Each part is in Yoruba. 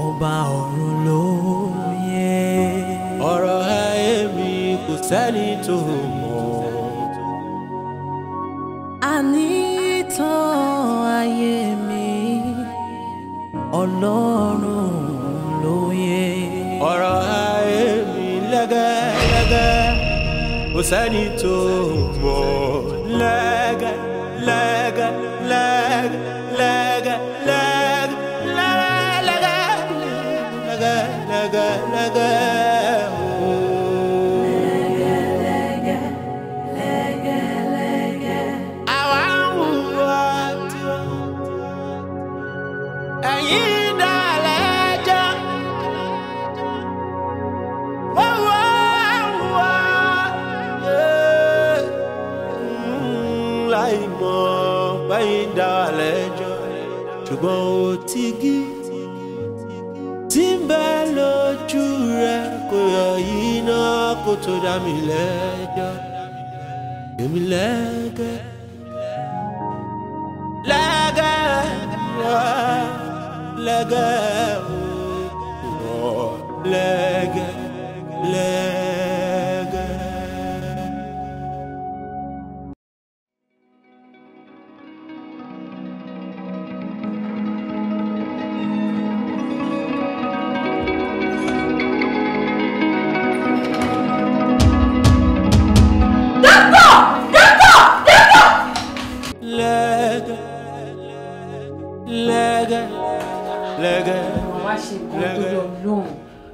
ọba ọ̀run ló yẹ. ọ̀rọ̀ ayé mi kò sẹ́ni tó mọ̀. àní ìtàn ayé mi ọlọ́run ló yẹ. ọ̀rọ̀ ayé mi lẹ́gẹ́lẹ́gẹ́ kò sẹ́ni tó mọ̀ lẹ́gẹ́lẹ́gẹ́ ندى kó tó dá mi lega, lẹ́jọ́ èmi lega, lega, lẹ́gẹ́ lega, lega. ṣe nǹkan torí ọlọ́run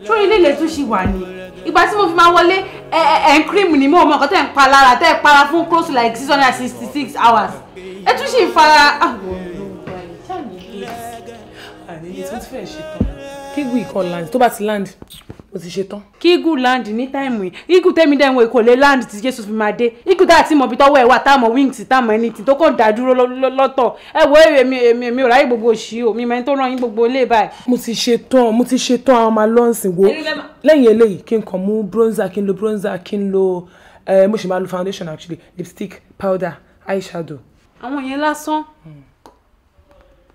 sórí ilé ilẹ̀ tún ṣì wà ní ìgbà tí mo fi máa wọlé ẹ ẹ cream ni mo mọ nǹkan tẹ̀ ń pa lára tẹ̀ ń para fún close to like six hundred and sixty six hours ẹ tún ṣì ń fara àwọn ah, olóńgbà ìjà mi lè. àní ètò tí fẹ́ẹ́ ṣe tán. tó bá ti land o ti ṣe tán. kí eagle land ní táìmù yìí eagle tẹ́mi dẹ́ wọn èkó land tí jésù fi máa dé Igu tá a ti mọ̀ bí tọ́wọ́ ẹ̀ wà tá wings tá a mọ̀ anything tó kàn dá dúró lọ́tọ̀ ẹ wo èmi èmi èmi ò ráyè gbogbo òṣì o mi mẹ́ni tó ràn yín gbogbo ilé báyìí. mo ti ṣe tán mo ti ṣe tán àwọn máa lọ́ọ̀sìn wo lẹ́yìn eléyìí kí n kàn mú bronzer kí n lo bronzer kí n lo mo ṣì máa lo foundation actually lipstick powder Eye eyeshadow. àwọn yẹn lásán hmm.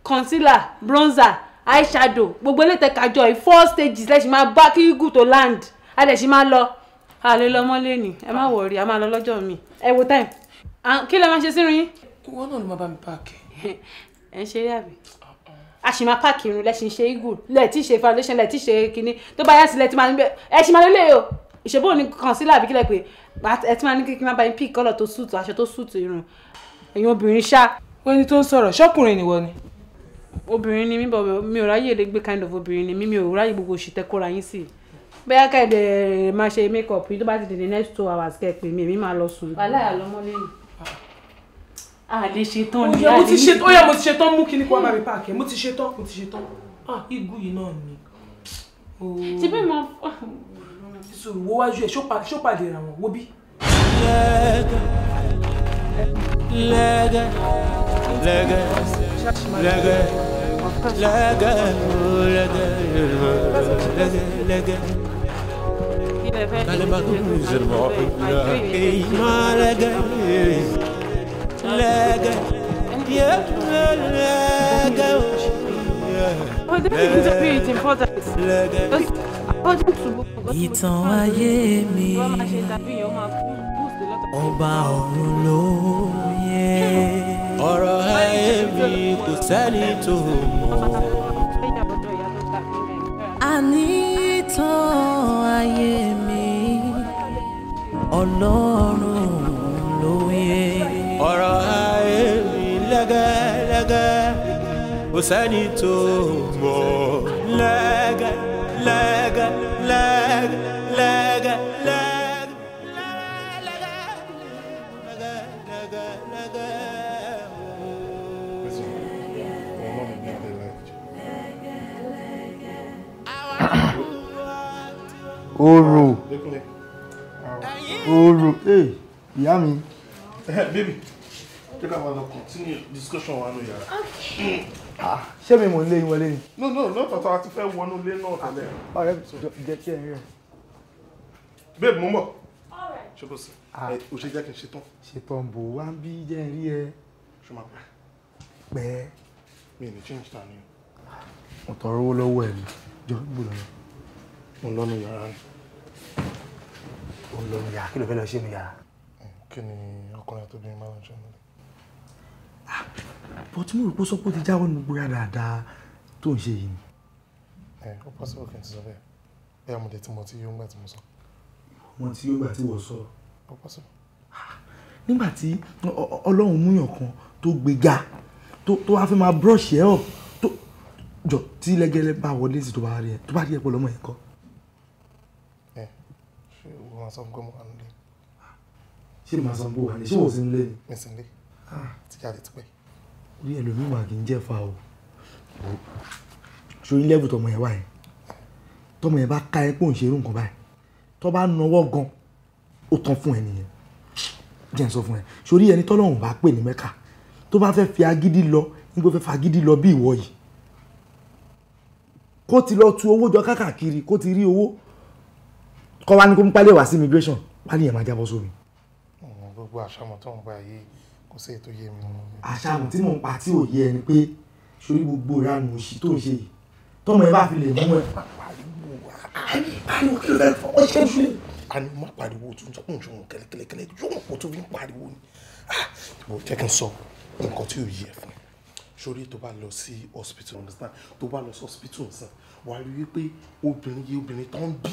concealer bronzer eyeshadow gbogbo ilé tẹ̀kájọ yìí four stages lẹ́sìn máa bá kí eagle tó land adẹ̀sìn máa lọ àlè lọmọ lẹ́nì ẹ má wọ̀rí a máa lọ lọ́jọ́ mi ẹ wo time kí lẹ máa ṣe sínú yín. wọn náà ló máa bá mi páàkì. ẹ ń ṣeré àbí uh-uh. a sì máa páàkì irun lẹ́sìn ṣe eagle lẹ́ẹ̀tì ṣe foundation lẹ́ẹ̀tì ṣe kinní tó bá yá sí lẹ́ẹ̀tì máa ń bẹ ẹ sì máa lélẹ̀ o ìṣèbó ni concealer àbí kílẹ̀ pé ẹ ti máa ní kíkí máa bá yín pick kọ́lọ̀ tó suit aṣọ tó suit irun ẹ̀yin obìnrin ṣá. wọ́n ní tó ń sọ̀rọ̀ ṣọ́kùnrin nìwọ ni obìnrin ni mí bọ̀ mi ò ráyè lè gbé kind of obìnrin ni mí mi ò ráyè gbogbo oṣù tẹ́ kóra yín sí i bóyá kẹ́ẹ̀dẹ̀ máa ṣe make up tó bá ti di the next two hours kẹ́ẹ̀ pè mí èmi máa lọ sùn. wàhálà àlọ́mọ lẹ́yìn. a lè ṣetán ni a lè ní ṣe. ó yá mo ti ṣetán mú kí ni kó wá máa rí páàkì mo ti ṣetán mo ti ṣetán ah igun yìí náà ni. ti bẹ́ẹ̀ máa. Ah. sùn wo wájú ẹ̀ ṣó pàdé ra wọn wo bí. لقى لقى لقى لقى لقى لقى أنا بغوز المعقولة إي ما لقى لقى يا لقى Ìtàn ayé mi, ọba ọ̀run ló. ọ̀rọ̀ ayé mi kò sẹ́ni tó mọ̀. àní tán ayé mi ọlọ́run ló yẹ. ọ̀rọ̀ ayé mi lẹ́gẹ́lẹ́gẹ́ kò sẹ́ni tó mọ̀ lẹ́gẹ́lẹ́gẹ́ lẹ́gẹ́. Orò. Ah, ah. Orò. eh? ìyá mi. Eh, baby. jẹ́ ká máa continue discussion wa nù yàrá. Ah, ṣé mi mò ń lé yín wọlé ni? No, no, lọ́tọ̀ọ̀tọ̀ a ti fẹ́ wọnú ilé náà tẹ́lẹ̀. Ọ̀rẹ́ mi jẹ́ kí ẹ rí ẹ. Babe, mo ń bọ̀. Ṣé kò sí? Eh, o ṣe jẹ́ kí n ṣe tán. Ṣe tán bò wá ń bí jẹ́ rí ẹ. Ṣé máa pẹ́? Pẹ́. Mi ò ní change ta ni o mo tọrọ owó lọ́wọ́ ẹ̀ ni jọ gbọ́dọ̀ lọ. mo lọ́nu yàrá ni ó ń lọ ní yàrá kí ló fẹ́ lọ ṣe ní yàrá. kí ni ọkùnrin àti obìnrin máa ń ṣe nílé. Ah, bó tí mo rò pé sọ́pọ̀ ti jáwọ́ nínú gbóyà dáadáa tó ń ṣe yìí ni. ẹ ó pàṣípò kí n ti sọ bẹ́ẹ̀ bẹ́ẹ̀ mo lè ti mọ tí yóò gbà tí mo sọ. mo ti yóò gbà tí wọ́n sọ. ó pàṣípò. Ah, nígbà tí ọlọ́run múyàn kan tó gbéga tó wá fẹ́ máa brush ẹ̀ ọ̀ jọ tí lẹ́gẹ́lẹ́ bá wọlé sí tó bá rí ẹ sọ fún pé mo wà nílé. ṣé màá sọ pé wà ní ṣé wò sí nílé ni. mi sì nílé ah. ti jáde ti pẹ́. orí ẹlòmíì mà kì í o sórí lẹ́bù tọmọ yẹn wà yẹn tọmọ yẹn bá ká ẹ pé òun ṣe irú nǹkan báyìí tọ́ bá nawọ́ gan ó tán fún ẹ nìyẹn jẹ́ ń sọ fún ẹ sórí ẹni tọ́lọ́run bá pè ní mẹ́ka tó bá fẹ́ fi agídí lọ nígbà fẹ́ fagídí lọ bí ìwọ yìí kó ti lọ tu owó jọ káàkiri kó ti rí owó kọ́ wa ní kó ń pálẹ̀ wá sí immigration pálẹ̀ yẹn máa jábọ́ sómi. gbogbo àṣàmọ̀ tó ń pa yìí kò sí ètò yé mi. àṣàmọ̀ tí mò ń pa tí ò yé ẹni pé sórí gbogbo ìranù òṣì tó ń ṣe yìí tọmọ ẹ bá fi lè mú ẹ. pariwo kí ló fẹ́ fọwọ́ ṣe é fi. àní má pariwo tó ń sọ pé òun kẹlẹkẹlẹkẹlẹ yóò kó tó fi ń pariwo ni. Ah, ìbò jẹ́ kí n sọ nǹkan tí ò yé ẹ fún sórí tó bá lọ sí hospital understand, tó bá lọ sí hospital nìsan wàá rí i pé obìnrin yìí obìnrin tó ń bí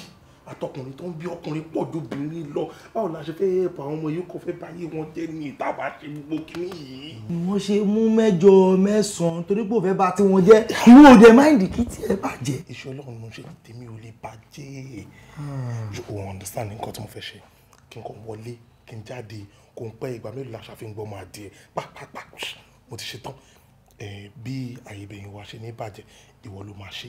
àtọkùnrin tó ń bí ọkùnrin pọ̀ ju obìnrin lọ báwo la ṣe fẹ́ẹ́ bá àwọn ọmọ yìí kò fẹ́ báyé wọn jẹ́ ní ìtàbà ṣe gbogbo kínní yìí. wọ́n ṣe mú mẹ́jọ mẹ́sàn-án torí pé òfẹ́ bá tí wọ́n jẹ́ ìwọ òde máìndì kí tiẹ̀ bàjẹ́. iṣẹ́ ọlọ́run ṣe tèmi ò lè bàjẹ́ òun understand nǹkan tí mo fẹ́ ṣe kí n kàn wọlé kí n jáde kò ń pẹ́ ìgbà mélòó la ṣàfihàn gbọ́mọ adìẹ pàápàá mo ti ṣetán bí àyèbẹ̀yìn wa ṣe ní bàjẹ́ ìwọ ló máa ṣe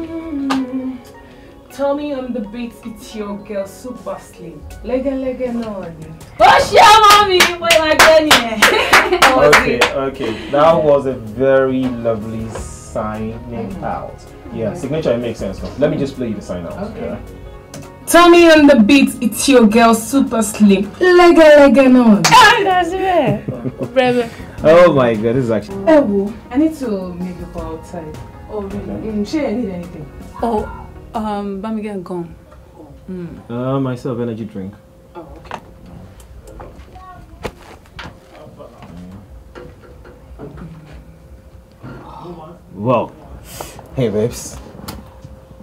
Tommy on the beats, it's your girl, Super Slim. Lega lega non. Oh, What's your mommy? Wait, my granny. okay, okay. That was a very lovely signing mm-hmm. out. Yeah, mm-hmm. signature, it makes sense. Let me just play you the sign out. Okay. Yeah. Tommy on the beats, it's your girl, Super Slim. Lega lega no. Oh, that's it. Brother. Oh my god, this is actually. Ewo, I need to make a call outside. Oh, really? Okay. Mm, need anything. Oh. Um, Bami get gone. Mm. Uh, myself, energy drink. Oh, okay. Wow. Hey, babes.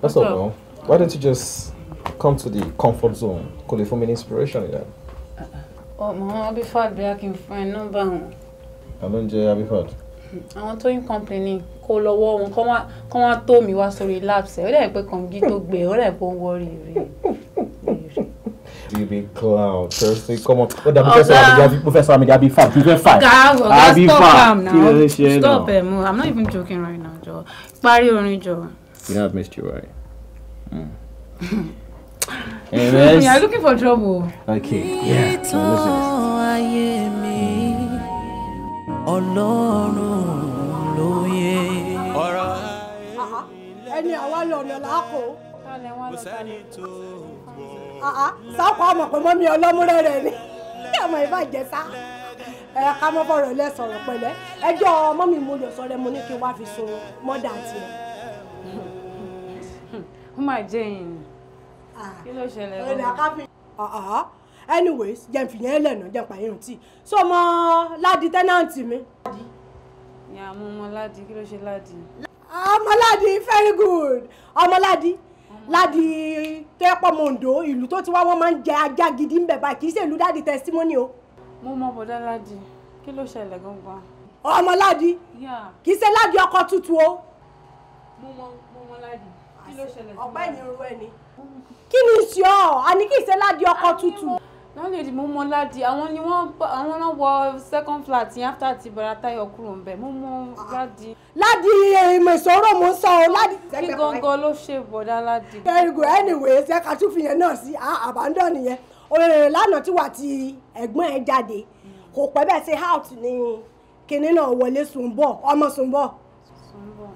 That's all wrong. Why don't you just come to the comfort zone? Could you form an inspiration again? Uh-uh. Oh, my I'll be fat back in front. no bang. I don't, know, I'll be fat. I want to complaining. kó lọ́wọ́ wọn kán wá tó mi wá sórí labs ó dẹ̀ pé kàngi tó gbé e, ó dẹ̀ pé ó ń wọ́ọ̀rì rè é. Baby clown, Thursday, come on. Ó dàbí fẹ́sọ̀ àmì àbí fẹ́sọ̀ àmì àbí fà bí fẹ́ fà. Gàrò, gàrò stop am now. Kí ló ń ṣe é náà? Stop ẹ̀ I'm not even joking right now, jọ. Parí orin jọ. You know I've missed you, right? Mm. You are looking for trouble. Okay, yeah. So Ọlọ́run ló yẹ ẹni àwa lọ ọ̀nà làákò. sáàkó àmọ̀ pé mọ́mí ọlọ́múrẹ́ rẹ̀ ni ọmọ ìbàjẹ́ sá ẹ ká mọ́ fọ̀rọ̀ ilé sọ̀rọ̀ pẹ̀lẹ́ ẹjọ́ mọ́mí mo yọ̀ sọ́rẹ́ mo ní kí n wá fi sun mọ́dà tiẹ̀. ó máa jẹ́ yìnyín kí ló ṣẹlẹ̀ lọ́wọ́ anyways jẹ́ n fìyẹn lẹ̀ náà jẹ́ n pààyàn tí so mo ládi tẹ́nàntì mi. ìyá mo mọ ládi kí ló ṣe ládi ọmọládì very good ọmọládì ládi tẹ́pọ̀ mọ̀ǹdó ìlú tó ti wá wọ́n máa ń jẹ ajá gidi ń bẹ̀ báyìí kì í ṣe ìlú dáàdì testimony o. mo mọ bọ̀dá ládi kí ló ṣẹlẹ̀ gangan. ọmọ ládi kì í ṣe ládi ọkọ tútù o. mo mọ mo mọ ládi kí ló ṣẹlẹ̀ sí mi. ọ̀pá ìnirú ẹni. kí ni ìṣe ọ àní kì í ṣe ládi ọkọ tútù. lálẹ́dì mo mọ ládi àwọn ni wọ́n wọ second flat yẹn after ti bọ̀dá táyọ̀ kúrò ń bẹ̀ mo mọ ládi. Ah ládi ìmọ̀ ìṣòro mo ń sọ ọ ládi. kí gangan ló ṣe bọ̀dá ládi. very good anyway ṣe ká tún fi yẹn náà sí abandon yẹn òrèrè lánàá tí wà ti ẹ̀gbọ́n ẹ̀ jáde kò pẹ́ bẹ́ẹ̀ ṣe out ni kinní náà wọlé sùnbọ̀ ọmọ sùnbọ̀. sùnbọ̀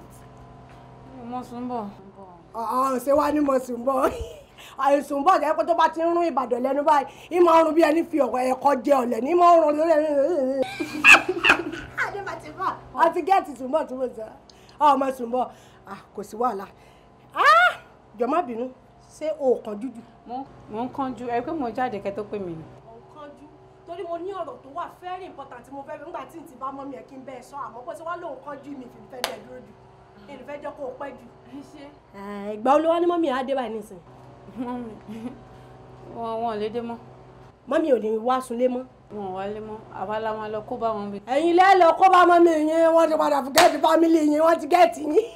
ọmọ sùnbọ̀. ọ̀ ọ̀ ṣe wá ní mo sùnbọ̀ àìsùn bọ̀ jẹ́ pé tó bá ti ń rún ìbàdàn lẹ́nu báyìí ìmọ̀ ọrùn bí ẹni fi ọ̀rọ̀ ẹ̀kọ́ jẹ ọ̀lẹ̀ ní ìmọ̀ ọrùn lórí ẹni. àti gẹ́ẹ̀tì sùnbọ̀ tí mo sọ ọmọ sùnbọ̀ kò sí wàhálà jọ̀ọ́ má bínú ṣé o ò kánjú jù. mo ń kánjú ẹ pé mo jáde kẹ́ tó pè mí ni torí mo ní ọ̀rọ̀ tó wà very important mo fẹ́ nígbà tí n ti bá mọ́ mi ẹ̀ kí n bẹ́ẹ̀ sọ àmọ́ pé tí wọ́n lòun kánjú mi fi fẹ́ jẹ́ dúró jù mi ò fẹ́ jẹ́ kó o pẹ́ jù. ìgbà olówó ni mọ́mí á dé báyìí nísìnyí wọn wọn lédè mọ́. mọ́mí ò ní wá sunlé mọ́. wọn ò wálé mọ́ àwa la máa lọ kó bá wọn bí. ẹ̀yin lẹ́lọ kó bá mọ́mí yín wọ́n ti padà gẹ́ẹ̀tì fámìlì yín wọ́n ti gẹ́ẹ̀tì yín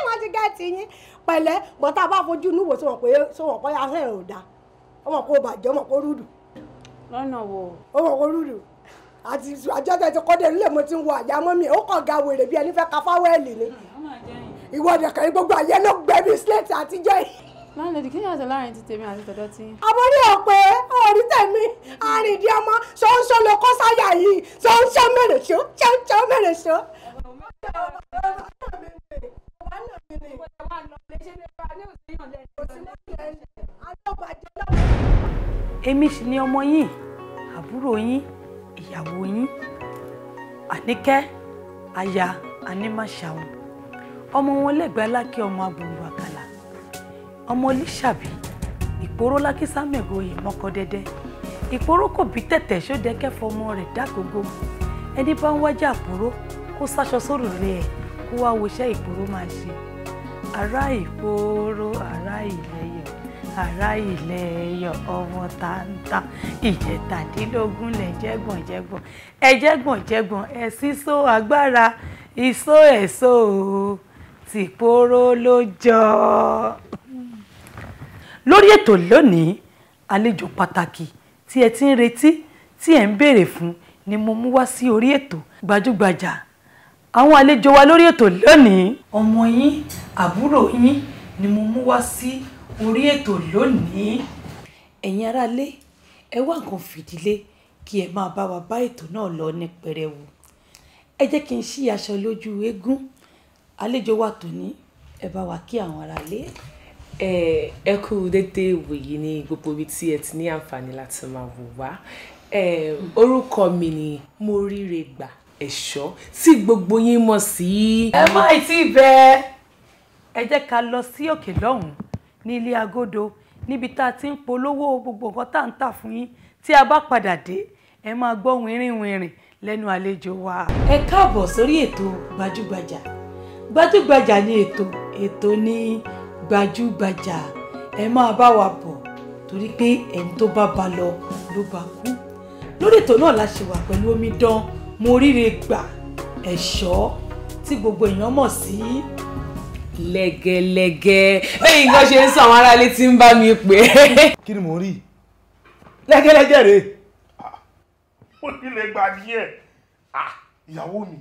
wọ́n ti gẹ́ẹ̀tì yín pẹ̀lẹ́ bọ́tà bá fojú inú wò sọ̀rọ̀ pé sọ̀rọ̀ pé ahẹ́ ò dáa ọmọ kó bàjẹ́ ọmọ kó rúdù. lọ́nà wo. ọmọ kó rúdù àti àjọtẹ ti kọ́dẹ̀ nílẹ̀ mo ti ń wo àyà mọ́mí ó kàn ga wèrè bí ẹni fẹ́ ka fáwẹ́ẹ̀lì ni hmm, ìwọ́dẹ̀ kẹ́rin gbogbo àyẹ́ gbẹ́bí slate àtijọ́ yìí láńlẹ́dì kí ni àjọ láàrin ti tèmi àti tọ̀dọ̀ ti. àbórí ọ̀pẹ orí tẹ̀mí àrìndí ọmọ ṣọ́nṣọ́ ló kọ́ sáyà yìí ṣọ́nṣọ́ mèrè ṣó ṣọ́nṣọ́ mèrè ṣó. èmi sì ni ọmọ yín àbúrò yín ìyàwó yín àníkẹ́ aya anímàṣàwọn ọmọ wọn lẹ́gbẹ̀ẹ́ alákẹ́ ọmọ agbòrò àkàlà ọmọ líṣàbí ìpòró lákísà mẹ́gòyè mọ́kọ dẹ́dẹ́ ìpòró kò bí tẹ̀tẹ̀ ṣódẹ kẹfọ́ ọmọ rẹ̀ dákòógó ẹni bá ń wájà àpòró kó sáṣọ sórí rẹ̀ kó wá woṣẹ́ ìpòró máa ṣe ará ìpòró ará ìlẹ́yọ̀ ará ìlẹ́yọ̀ ọmọ táńtá ìjẹtàdínlógún lẹ̀ jẹ́gbọ̀njẹ́gbọ̀n ẹ jẹ́gbọ̀njẹ́gbọ̀n agbára ìsó èso tìpòró ló lórí ètò lónìí àlejò pàtàkì tí ẹ ti ń retí tí ẹ ń béèrè fún ni mo mú wá sí orí ètò gbajúgbajà àwọn àlejò wa lórí ètò lónìí ọmọ yín àbúrò yín ni mo mú wá sí orí ètò lónìí ẹ̀yin aráalé ẹ wá nǹkan fìdílé kí ẹ máa bá wa bá ètò náà lọ ní pẹrẹwu ẹ jẹ́ kí n ṣí aṣọ lójú eégún àlejò wa tòní ẹ bá wa kí àwọn aráalé ẹ kú dédé ìwòyí ní gbogbo ibi tí ẹ ti ní àǹfààní láti máa wò wá orúkọ mi ni Moríregbà Ẹ̀ṣọ́ tí gbogbo yín mọ̀ sí. ẹ má ì tí bẹ́ẹ̀ ẹ jẹ́ ká lọ sí òkè lọ́hùn-ún ní ilé agodo níbi tá a ti ń polówó gbogbo nǹkan tá à ń tà fún yín tí a bá padà dé ẹ máa gbọ́ wìnrìnwìnrìn lẹ́nu àlejò wa. ẹ káàbọ̀ sórí ètò gbajúgbajà gbajúgbajà ni ètò ètò ni. Eto, eto ni gbajúgbajà ẹ máa bá wa bọ̀ torí pé ẹni tó bá ba lọ ló bá kú lórí ètò náà la ṣe wà pẹ̀lú omidan moríire gbà ẹ̀ṣọ́ tí gbogbo èèyàn mọ̀ sí lẹ́gẹ́lẹ́gẹ́ ẹ̀yìn nǹkan ṣe ń sọ àwọn aráalé tí ń bá mi pè é. kí ni mò ń rí lẹ́gẹ́lẹ́gẹ́ rèé ó ní lè gbà ní ah, ìyàwó mi.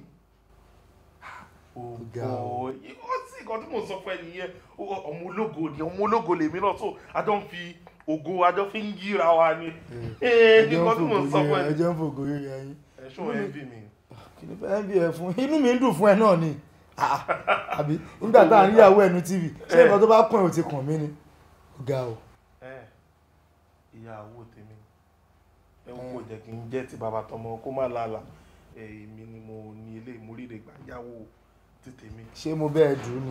Ah, ó ga ọ oh nǹkan tí mò ń sọ fún ẹ nìyẹn ọmọ ológo ni ọmọ ológo lèmi náà so àjọ ń fi ògo àjọ fi ń yíra wa ni eh, nǹkan tí mò sọ fún ẹ. ẹ ń fògo yẹn yẹn. ẹ ṣó ẹ bí mi. kì ní fẹ́ bí ẹ fún inú mi ń dùn fún ẹ náà ni ah, ah, àbí nígbà tá à ń yàwó ẹnu tv ṣé eh. nǹkan tó bá kàn ẹ́ ò ti kàn mí ni ọ̀gá o. Eh, ìyàwó tèmi ẹ ń kó jẹ́ kí n jẹ́ ti bàbá tọmọ kó má làálàá èmi ni mo ní ilé ìmúríre gbà yàwó ṣé mo bẹ́ẹ̀ dùn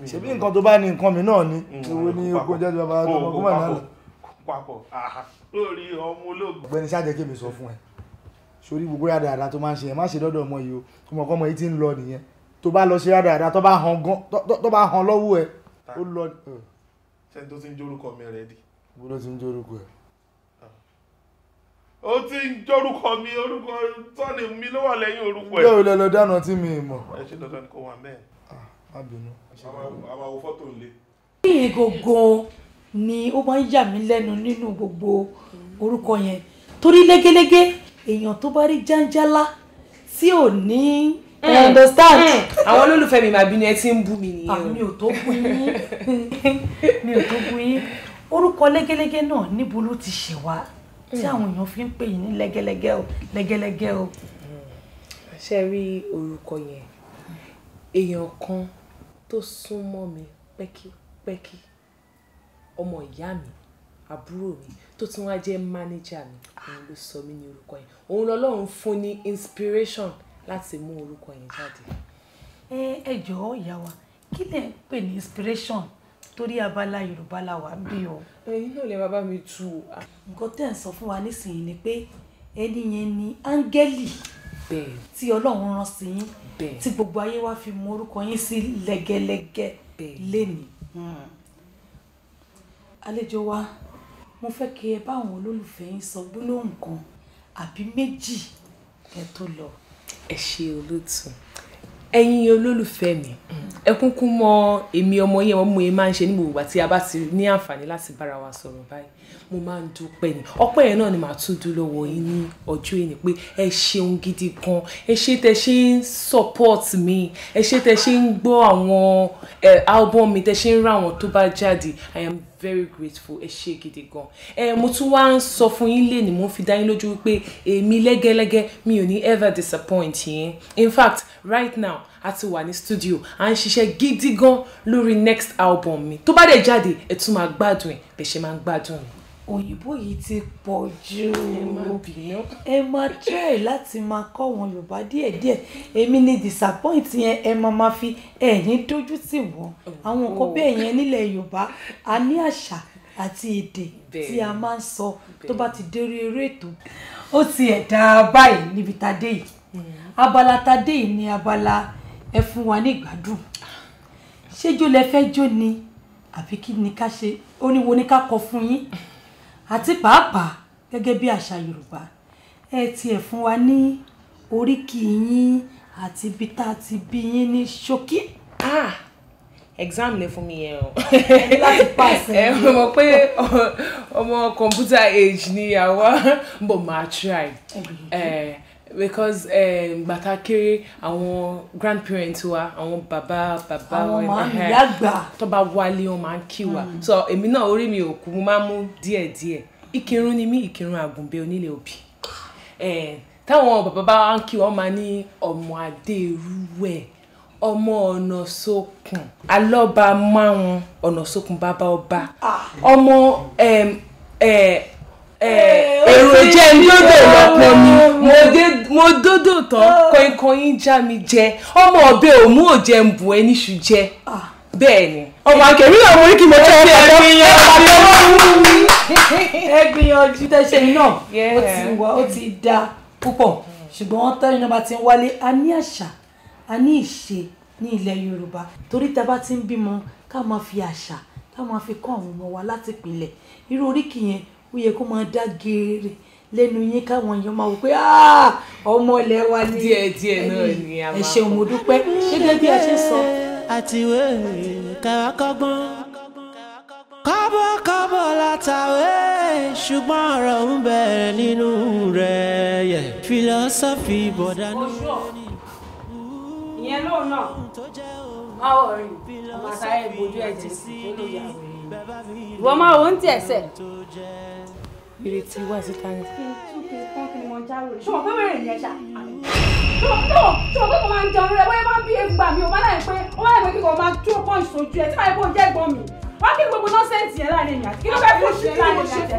ni ṣe bí nǹkan tó bá ní nǹkan mi náà ni ewu ní ogun jẹ́ ìjọba tó mọ̀ gómìnà náà papọ̀ lórí ọmọ ológun. ọ̀gbẹ́ni sáà jẹ́ kí èmi sọ fún ẹ sórí gbogbo rádaràda tó máa ń ṣe ẹ má ṣe dọ́dọ̀ ọmọ yìí o ọmọ ọkọ ọmọ yìí ti ń lọ nìyẹn tó bá lọ ṣe rádaràda tó bá han lọ́wọ́ ẹ ó lọ. sẹ́ni tó ti ń jórúkọ mi rẹ̀ di. bó ló ti ń jórúkọ ẹ̀ ó ti ń jórúkọ mi orúkọ tọ́ni mi ló wà lẹ́yìn orúkọ ẹ̀. yóò lọ lọ dáná tí mi mọ̀. ẹ ṣe dandan ni kò wà mẹ́ẹ̀. Ah, má bínú. a máa wo fọ́tò nílé. kíyìn gangan ni ó máa ń yà mí lẹ́nu nínú gbogbo orúkọ yẹn torí lẹ́gẹ́lẹ́gẹ́ èèyàn tó bá rí jáńjálá tí ò ní eh, understand. Eh, àwọn olólùfẹ́ mi màá bínú ẹ ti ń bú mi nìyẹn. àmì ah, ò tó bú yín mi ò tó bú yín orúkọ lẹ́gẹ́lẹ́gẹ́ náà níbo ló ti ṣẹ̀ wá tí àwọn èèyàn fi ń pè yín ní lẹ́gẹ́lẹ́gẹ́ o lẹ́gẹ́lẹ́gẹ́ o. Mm. ṣe rí orúkọ yẹn èèyàn kan tó sún mọ́ mi pẹ́kípẹ́kí ọmọ ìyá mi àbúrò mi tó tún wá jẹ́ mánéjà mi òun ló sọ mí ní orúkọ yẹn òun lọ́lọ́run fún ní inspiration láti mú orúkọ yẹn jáde. ẹ ẹ jọ̀ọ́ ìyá wa kí lẹ ń pè ní inspiration torí abala yorùbá la wà bí o. ẹyin náà lè bàbá mi tu o. nǹkan tẹ́ ń sọ fún wa nísìnyí ni pé ẹni yẹn ni áńgẹ́lì tí ọlọ́run rán sí yín tí gbogbo ayé wa fi mọ orúkọ yín sí lẹ́gẹ́lẹ́gẹ́ lénìí. Hmm. àlejò wa mo fẹ́ kí ẹ bá àwọn olólùfẹ́ yín sọ gbólóhùn kan àbí méjì ẹ tó lọ. ẹ ṣe olóòtú ẹ̀yin olólùfẹ́ mi ẹ kúkú mọ èmi ọmọ yẹn ọmọ yẹn máa ń ṣe ní gbogbo ìgbà tí a bá ti ní àǹfààní láti bára wa sọ̀rọ̀ báyìí mo máa ń dúpẹ́ ni ọpẹ́ yẹn náà ni màá tún dúró lọ́wọ́ yín ní ọjọ́ yìí ni pé ẹ ṣeun gidi gan ẹ ṣe tẹ ṣe ń support mi ẹ ṣe tẹ ṣe ń gbọ́ àwọn album mi tẹ ṣe ń ra àwọn tó bá jáde i am very grateful ẹ ṣe gidi gan ẹ mo tún wá ń sọ fún yín lé ní mo fi dá yín lójú pé èmi lẹ́gẹ́lẹ́gẹ́ mi ò ní ever disappoint yín in fact right now a ti wà ní studio à ń ṣiṣẹ́ gidi gan lórí next album mi tó bá dẹ̀ jáde ẹ tún máa gbádùn ẹ bẹ́ẹ̀ ṣe máa gbádùn mi òyìnbó yìí ti pọ̀ jù ẹ máa try láti máa kọ́ wọn yorùbá díẹ̀díẹ̀ èmi ni disappoint yẹn ẹ máa máa fi ẹ̀yìn dojú tì wọ́n oh, àwọn nǹkan oh. bẹ́ẹ̀ yẹn nílẹ̀ yorùbá a ní àṣà àti èdè tí a máa ń sọ tó bá ti dérí eré ètò ó ti ẹ̀dá báyìí níbi tá a dé yìí hmm. abala tá a dé yìí ni abala ẹ fún wa ní ìgbádùn ṣéjó lẹ fẹ́ jó ni àbí kí ni ká ṣe ó ní wo ni ká kọ fún yín àti pàápàá gẹ́gẹ́ bí àṣà yorùbá ẹ tiẹ̀ fún wa ní oríkì yín àti ibi tá a ti bí yín ní ṣókí. ah exam lè fún mi yẹn o. láti pass ẹ mo mọ̀ pé ọmọ computer age ni àwa bò máa try. ẹ because gbàtà eh, kéré àwọn grandparents wa àwọn bàbá Baba àwọn máa ń yàgbà tó bá wálé wọn máa ń kí wa mm. so èmi náà orí mi ò kú mo máa ń mú díẹ̀díẹ̀ ìkírun ni mí ìkírun àgùnbẹ onílé òbí eh, táwọn Baba bá wá ń kí wọn máa ní ọmọ adéruwẹ ọmọ ọ̀nà sókun alọ́ba máwọn ọ̀nà sókun bàbá ọba ah. ọmọ eh, èròjà ńdòdò lọ́pọ̀ mi mo dòdò tán ah. kọ̀ìnkọ̀ìn já mi jẹ ọmọ ọbẹ̀ òmú òjẹ ń bù ẹ níṣu jẹ ah. bẹ́ẹ̀ ni. ọmọ akẹ́mi náà mo rí kí mo tẹ́ ẹ pàtó ẹ pàtó ẹ gbìyànjú tẹ́sẹ̀ náà ó ti wá ó ti da púpọ̀ ṣùgbọ́n tẹ́yìn náà bá ti ń wálé a ní àṣà a ní ìṣe ní ilẹ̀ Yorùbá torí tá a bá ti ń bímọ ká máa fi àṣà ká máa fi kọ́ àwọn ọmọ wa láti pilẹ̀ irú oríkì yẹn ó yẹ kó máa dá geere lẹ́nu yín káwọn èèyàn máa wò pé ah, ọmọ ilẹ̀ wa ni díẹ̀ díẹ̀ náà ni a máa kọ́ mo dúpẹ́ gẹ́gẹ́ bí a ṣe sọ. àtiwé kàwákọ́gbọ́n kọ́bọ̀kọ́bọ̀ látàwé ṣùgbọ́n ọ̀rọ̀ ń bẹ̀rẹ̀ nínú rẹ̀ yẹ fílọ́sọ́fì bọ̀dá ní. ìyẹn lóun náà máa wọ̀ rí ọmọ àtàwọn ìbojú ẹ̀jẹ̀ sí lórí àwọn ìwọ máa wò ń tiẹ̀ sẹ̀. ìrètí wá síta ni. kí n tún kí n kán kí ni mo ń já lórí. ṣùgbọ́n pé wẹ́rẹ̀ yẹn ṣá. ṣùgbọ́n pé kò máa ń jẹun rẹ̀ wọ́n máa ń bí egbà mi ò bá láì pé ó máa ń pè kí kò máa dúró kọ́ ìṣojú ẹ̀ tí màá yẹ kó jẹ́ gbọ́n mi. wá kí gbogbo nọ́sẹ̀ǹsì yẹn láàrin ìyá kí ló fẹ́ fún ṣe láàrin ìyá jẹ.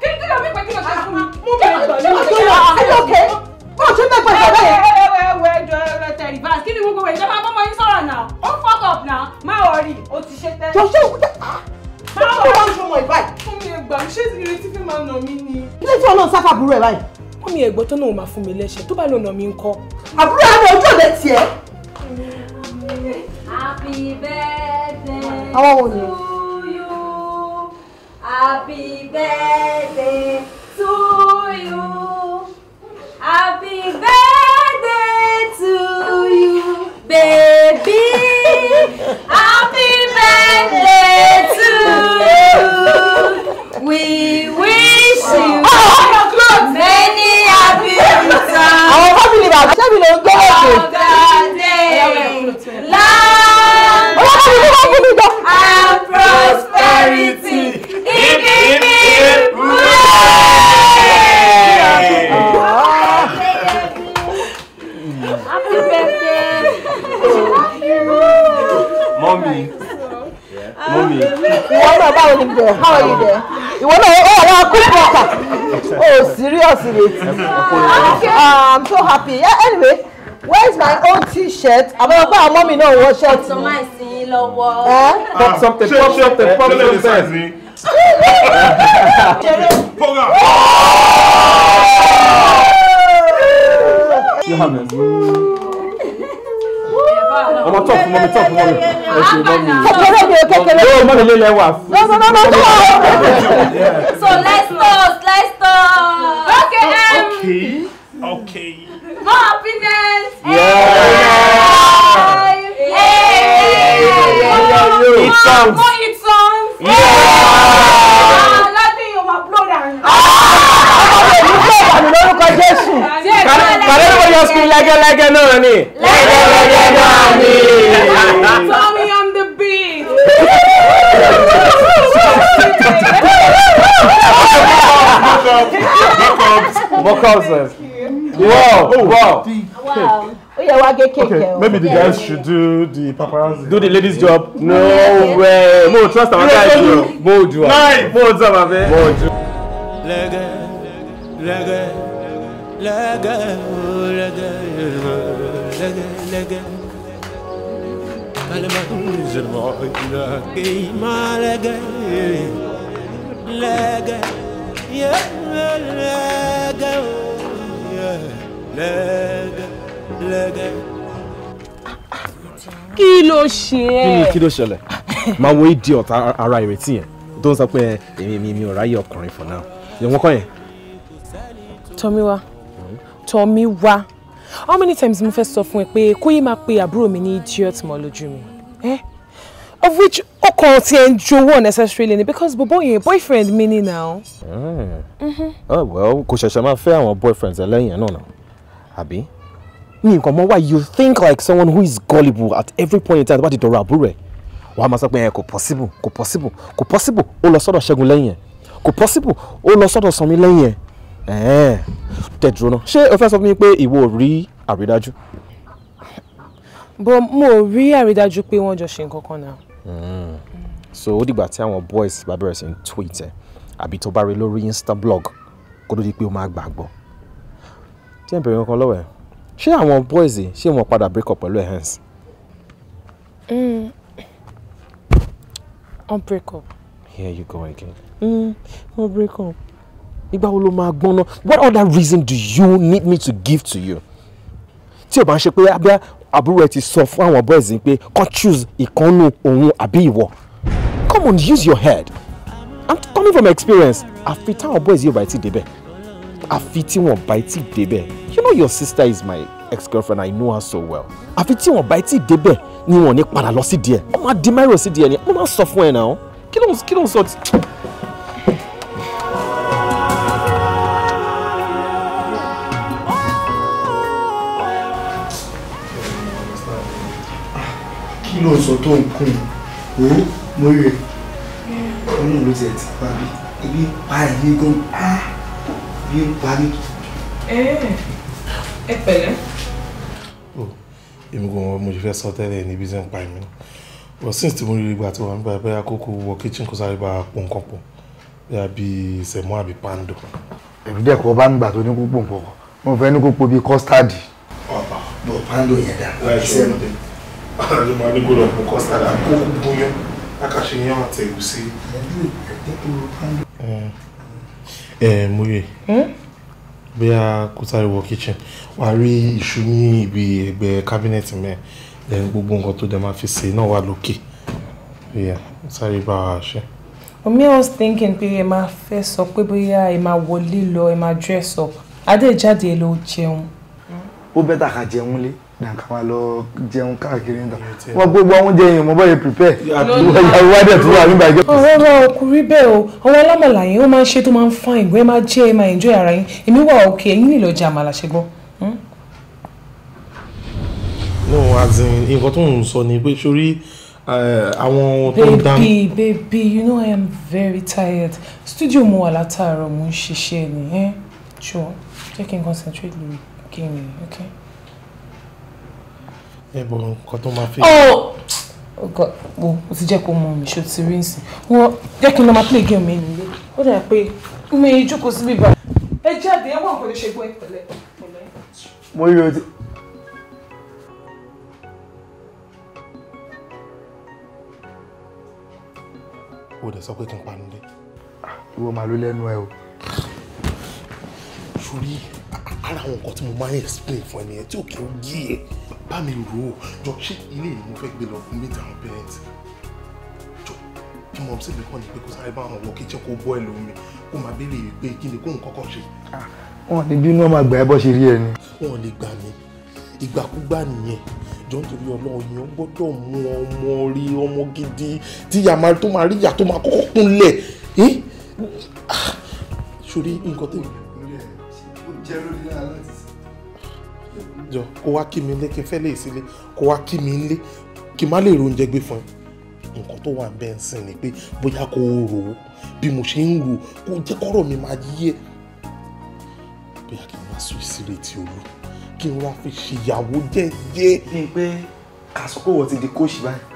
kí kí ló fi pé kí ló ṣe fún mi. mo bẹ̀rẹ̀ gbọ́ ó tún bẹ pẹ̀lú ọ̀rẹ́ yẹn. ẹ ẹ ẹ ẹ jọ ẹ tẹ rivers kí ni gbogbo ìjọba mọ́mọ́ yín sọ̀rọ̀ náà ó fọ́k up náà má wọrí o ti ṣe tẹ́lẹ̀. jọ̀ṣẹ́ òkúta ọ̀nà mi ni. ilé tí ọlọ́run sáfà burú ẹ̀ báyìí. wọ́n mi ẹ̀gbọ́n tó náà máa fún mi lẹ́sẹ̀ tó bá lọ nà mí ń kọ́. àbúrò àwọn ojú ọ̀dẹ tiẹ̀. happy birthday to you happy birthday to you happy birthday to you baby happy birthday to you. We will. Many happy returns. Long life and prosperity. Ibi ibi Happy birthday. Mommy. What about you there? How are you there? ìwọ náà ó wà kú pọ̀tà oh serious rate i'm so happy yeah, anyway where is my own t-shirt àwọn ọgbà ọmọ mi náà wọ shirt mi. customize yín lọ́wọ́. pop something pop something pop something. Johannes ọmọ tọ̀ fún mọ́mí tọ̀ fún mọ́mí ẹ ṣe mọ́mí. kékeré ni o kékeré. yóò mọ́mí lé lẹ́wà. lọ́sọ̀rọ̀ tó wà. so let's toast let's toast. okay. Um, okay. okay. more happiness. Yeah. Yeah. Hey. Yeah, yeah, yeah. It sounds. Go it sounds. Yeah. yeah. yeah. yeah. yeah. yeah. yeah. yeah. yeah. Ah, àmì lórúkọ Jésù. Kàdé ló yọ sí lẹ́gẹ́lẹ́gẹ́ náà ni. Lẹ́gẹ́lẹ́gẹ́ náà ni. Tommy on the beat. Mock-ups. Wow, wow. Wow. Okay, maybe the guys should do the paparazzi. Do the ladies' job. No way. Mo trust our guys. Mo do. Mo do. Mo do reggae, reggae, reggae, reggae, كلمة زرع إلى كيما لقى لقى يا لقى يا لقى لقى kí ló ṣe é. kí ló ṣẹlẹ̀ máa wo idiot ara ìrètí yẹn tó ń sọ pé eh, èmi mi ò ráyè ọkùnrin for now yẹn wọ́n kọ́ yẹn. Tọ́míwá Tọ́míwá how many times mo fẹ́ sọ fún ẹ pé kó yé máa pe àbúrò mi ní idiot mọ́ lójú mi eh? of which ọkọ ti ẹ ń jowó unnecessarily ni because bọ̀bọ̀ yẹn boyfriend mi ni now. Mm-hmm. Oh, kò ṣẹ̀ṣẹ̀ máa fẹ́ àwọn boyfriends ẹlẹ́yìn náà náà àbí. ní nǹkan mọ́ why you think like someone who is gullible at every point in time tó bá ti dọ̀rọ̀ àbúrò ẹ̀ wàá máa sọ pé eh, kò possible kò possible kò possible ó lọ sọ́dọ̀ Ṣẹ́gun lẹ́yìn ẹ̀ kò possible ó lọ sọ́dọ̀ Sànmí lẹ́yìn ẹ̀ tẹ̀ dúró náà ṣé o fẹ́ sọ fún mi pé ìwọ ò rí àrídájú. bó mo rí àrídájú pé wọ́n jọ ṣe nǹkan kan náà. Hmm. so ó dìgbà tí àwọn boys bá bẹ̀rẹ̀ sí ń Twitter, ẹ̀ àbí tó bá rí lórí insta blog kó tó di pé o máa gbàgbọ́. jẹ́ ìbẹ̀rẹ̀ kan lọ́wọ́ ẹ̀ ṣé àwọn boys ṣé wọ́n padà break up pẹ̀lú ẹ̀ hands. Hmm. wọ́n break up. here you go again. Hmm. wọ́n break up ìgbà wo ló máa gbọ́n náà what other reason do you need me to give to you tí o bá ń ṣe pé abẹ́ àbúrò ẹ ti sọ fún àwọn boys pé kàn choose ìkànnù òun àbí ìwọ come on use your head i'm coming from experience àfi táwọn boys yóò bá ti débẹ̀ àfi tí wọn bá ti débẹ̀ you know your sister is my ex-girlfriend i know her so well àfi tí wọn bá ti débẹ̀ ni wọn ní padà lọ sí díẹ̀ ọmọ adimẹ́rò sí díẹ̀ ni mo máa sọ fún ẹ náà kí ló ń sọ tí. ló ń sọ tó ń kún un ó mo rí rẹ wọn náà ló tiẹ̀ ti pa mí ebi pa èmi gan á ebi ń pa mí. ẹ pẹ̀lẹ́. o èmi kò mọ mo ṣe fẹ́ sọ tẹ́lẹ̀ ní ibi tí ń pa èmi náà but since tí mo rí ìgbà tí wà nípa ẹgbẹ́ àkókò wọ kitchen kó sáré bá a pọ̀ nǹkan pọ̀ bíi àbí sẹ̀mọ́ àbí pando. èmi dẹ̀ kọ́ bá ń gbà tó ní kó pò ń pọ̀ mo fẹ́ ní kó po bíi kọ́stáàdì. ọ̀pọ̀ pando yẹn dá sẹ́nu ló máa ní gbọ́dọ̀ mú kọ́sítàdì àkókò bóyán lákàṣe yẹn àti ẹ̀gúsí. ẹ ẹ múye hmm? bóyá kó sáré wọ kitchen wà á rí iṣu ní ibi ẹ̀gbẹ́ kábínẹ̀tì mẹ lẹ́yìn gbogbo nǹkan tó dẹ máa fi ṣe náà wà lókè sáré bá a ṣe. omi i was thinking pé ẹ máa fẹ́ sọ pé bóyá ẹ máa wọlé lọ ẹ máa dress up adé jáde ló jẹun. ó bẹ́tà ká jẹun lé náà lọ jẹun káàkiri nǹkan wọn gbogbo oúnjẹ yẹn mo bọ́yẹ prepare ìyàwó wa dẹ̀ wà nígbà ìjọ. ọ̀rọ̀ ọ̀rọ̀ ọkùnrin bẹ́ẹ̀ o ọwọ́ alámàlà ó máa ń ṣe tó máa ń fine ìgbẹ́ máa jẹ́ ẹ máa enjoy ara yín èmi wà òkè ẹ̀yìn nílò jẹ àmàlà ṣe gbọ́. Hmm? no as in nǹkan tó ń sọ ni pé sórí eh, àwọn tó ń dáná. baby baby you know i am very tired studio mo wà látàárọ̀ mo ń ṣiṣẹ́ ni ẹ́ eh? jọ jẹ́ kí n concentrate lórí game yìí okay ẹ bọ̀ nǹkan tó máa fi. ọgọ oh! o oh ti jẹ́ kó mọ mi ṣó ti rí nsìn wọ́n jẹ́ kí n lọ máa play game mi nílé ó dà pé mi ì jókòó sí bíbá ẹ jáde ẹ wọ́n kò lè ṣe gbọ́ ẹ pẹ̀lẹ́ pẹ̀lẹ́. mo rí o ti. o dẹ̀ sọ pé kí n panu dé. Ah, ìwọ màá ló ẹ o. sori ara àwọn nǹkan tí mo máa ń explain fún ẹni yẹn tí ò ń yí ẹ e, bá mi rò ó jọ ṣé ilé ìlú fẹ́ gbé lọ meet àwọn parents jọ kí mo ṣe bẹ́ẹ̀ kọ́ ni pé kó sáré bá àwọn wọ kí kó bọ́ ẹlòmíì kó máa bẹ́ẹ̀ lè rí pé kí ni kó nǹkan kọ́ ṣe. Ah, wọn ní bínú ọmọ àgbà ẹ bọ́ ṣe rí ẹ ni. wọn lè gbà mí ìgbàkúgbà nìyẹn jọ nítorí ọlọ́run yẹn gbọ́dọ̀ mú ọmọ rí ọmọ gidi tí yàrá tó máa rí yàrá tó máa kọ́kọ́ kúnlẹ̀ sórí ah, nǹkan tẹ̀lé jẹ́ lórí náà láti sè. jọ kó wá kí mi lé kí n fẹ́ lè e sílé kó wá kí mi lé kí n má lè roúnjẹ gbé fún ẹ nǹkan tó wà bẹ́ẹ̀ ń sìn ni pé bóyá kò rò ó bí mo ṣe ń rò kó jẹ́ kọ́rọ̀ mi máa yí ẹ bóyá kí n má sùn sílé tí o lò kí n wá fi ṣèyàwó jẹ́jẹ́. ní pé kàṣọ́kọ̀wọ̀ ti di kóòṣì báyìí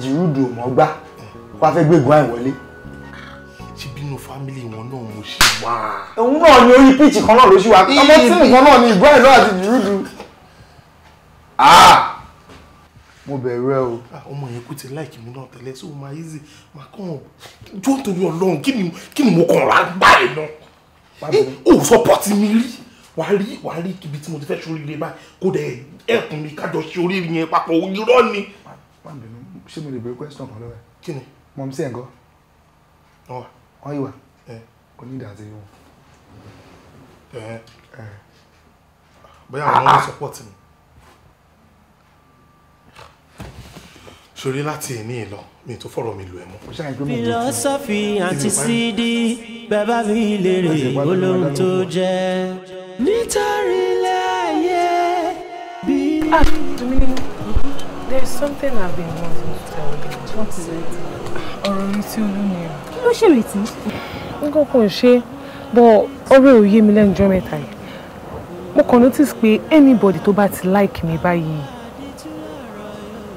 jìrúdù ò mọ́ fẹ́ gbégun àìwọlé ṣe bínú fámìlì wọn náà mo ṣe wá. òun náà ni orí píìtì kan náà ló ṣe wá ọmọ tí nǹkan náà ni ìbúra ìlú àti jùrùdù. mo bẹ̀rù ẹ o. Ah, ọmọ yẹn kò ti láìkì mi náà tẹ́lẹ̀ so ma easy ma kàn jó torí ọlọ́run kí ni mo kàn rà báyìí náà. Eh, o sọpọ́tì mi rí wàá rí wàá rí ibi tí mo ti fẹ́ ṣoríire báyìí kó dẹ̀ ẹ̀kún mi kájọ ṣe oríire yẹn papọ̀ irọ́ ni. ṣé mo lè bẹ̀rẹ̀ question kan lọ́wọ́ ẹ̀. kí ni. mọ̀ mi sí ẹ̀ ń gọ́. ọ̀hún wọ́n yìí wà onídàájẹ́ wọn. bóyá àwọn ọmọ mi sori láti ẹni ẹ lọ mi tó fọ̀rọ̀ mi lù ẹ mọ́. philosophy àti cd bàbá mi lèrè olóhùn tó jẹ nítorí láàyè bí. Ah, there is something I've been wanting to tell you. what is it? ọ̀rọ̀ mi tí olú ni o ló ṣèrètí. nǹkan kan ò ṣe bọ ọ̀rẹ́ ò yé mi lẹ́nu jọ́ mẹ́ta yìí mo kàn notice pé anybody tó bá ti like mi báyìí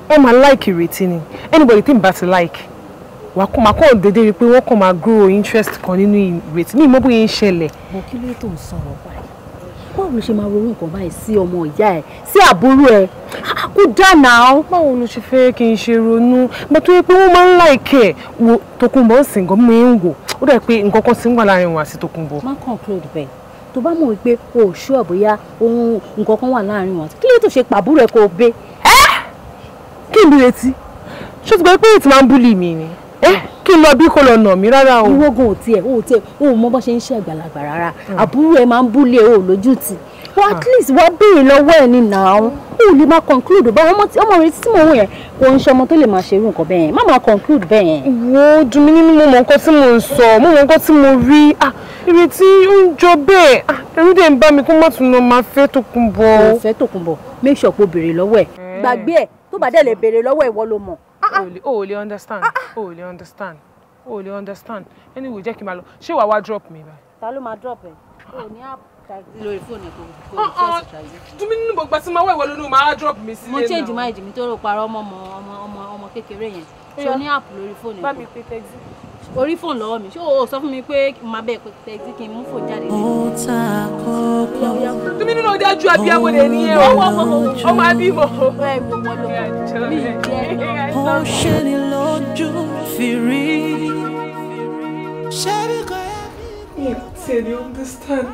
wọ́n máa like ìrètí ni anybody tí mi bá ti like wà kó máa kó rí i pé wọ́n kàn máa grow interest kan nínú ìrètí ní ìmọ̀ bóyá ń ṣẹlẹ̀. mo kí ló tó ń sọ̀rọ̀ báyìí báwo ló ṣe máa ronú nǹkan báyìí sí ọmọ ìyá ẹ sí àbúrò ẹ ah, kó dáná o. báwo ló ṣe fẹ́ kí n ṣe ronú bá tó yẹ pé wọ́n máa ń láìkẹ́ wo Tòkunbọ̀ ó sì ń gan mi ń wò ó dà pé nǹkan kan sì ń wà láàrin wọn àti Tòkunbọ̀. má conclude bẹ́ẹ̀ tó bá mọ̀ wípé o ò ṣú ọ̀bọ̀yá ohun nǹkan kan wà láàrin wọn kí ló tó ṣe pàbúrò ẹ kó o bẹ. ẹ eh! kí n bí retí ṣé o ti gbọ́ pé èyí máa ń búlì mi ni. Eh! Eh! kí n lọ bí kò lọ nà mí rárá o. ìwọ́gun ò tiẹ̀ ò tiẹ̀ ò mọ bó ṣe ń ṣe àgbàlagbà rárá hmm. àbúrò ẹ̀ máa ń búlé o lójú tì wọ́n at hmm. least wọ́n béèrè lọ́wọ́ ẹ̀ ní nà án ó lè máa conclude bá ọmọ rẹ tí mò ń yẹn kò ń ṣe ọmọ tó lè máa ṣe irú nǹkan bẹ́ẹ̀ yẹn má máa conclude bẹ́ẹ̀ yẹn. wo dùn mí nínú mo mọ nǹkan tí mo ń sọ mo mọ nǹkan tí mo rí ah ìrètí ń jọ bẹ́ẹ̀ ẹ̀rù dẹ̀ ń bá mi kó má tún lọ máa fẹ́ Tòkunbọ̀. fẹ́ Tòkunbọ̀ make sure kó béèrè lọ́wọ́ ẹ̀ eh. gbàgbé ẹ̀ tó bá dẹ̀ lè béèrè lọ́wọ́ ẹ̀ wọ́n ló mọ̀ o ò lè understand o ò lè understand o ò lè understand anyway jẹ́ kí n máa lọ ṣé wàá wá drop mi báyìí. ta ló máa drop ẹ o ní app lórí fóònù ẹ kò kò fẹsẹ̀ transaction. dumi nínú gbogbo àti máa wẹ̀wẹ̀ lónìí máa drop mi sílé náà. mo change mind mi tó rò parọ́ ọmọ ọmọ ọmọ kékeré yẹn ṣe ní app lórí fóònù ẹ kò. bá mi pe taxi orí fóònù lọ́wọ́ mi ṣé o sọ fún mi pé máa bẹ̀ pé tẹ̀sí kí n mú fóònù jáde. ó ta kókó. tumi nínú ọjà ju abiyamọ lè ní ẹ ọwọ́ ọmọ abímọ. ó ṣe ni lójú fìrí. ṣé bí kò yẹ kí. mi ò tiẹ̀ ní understand.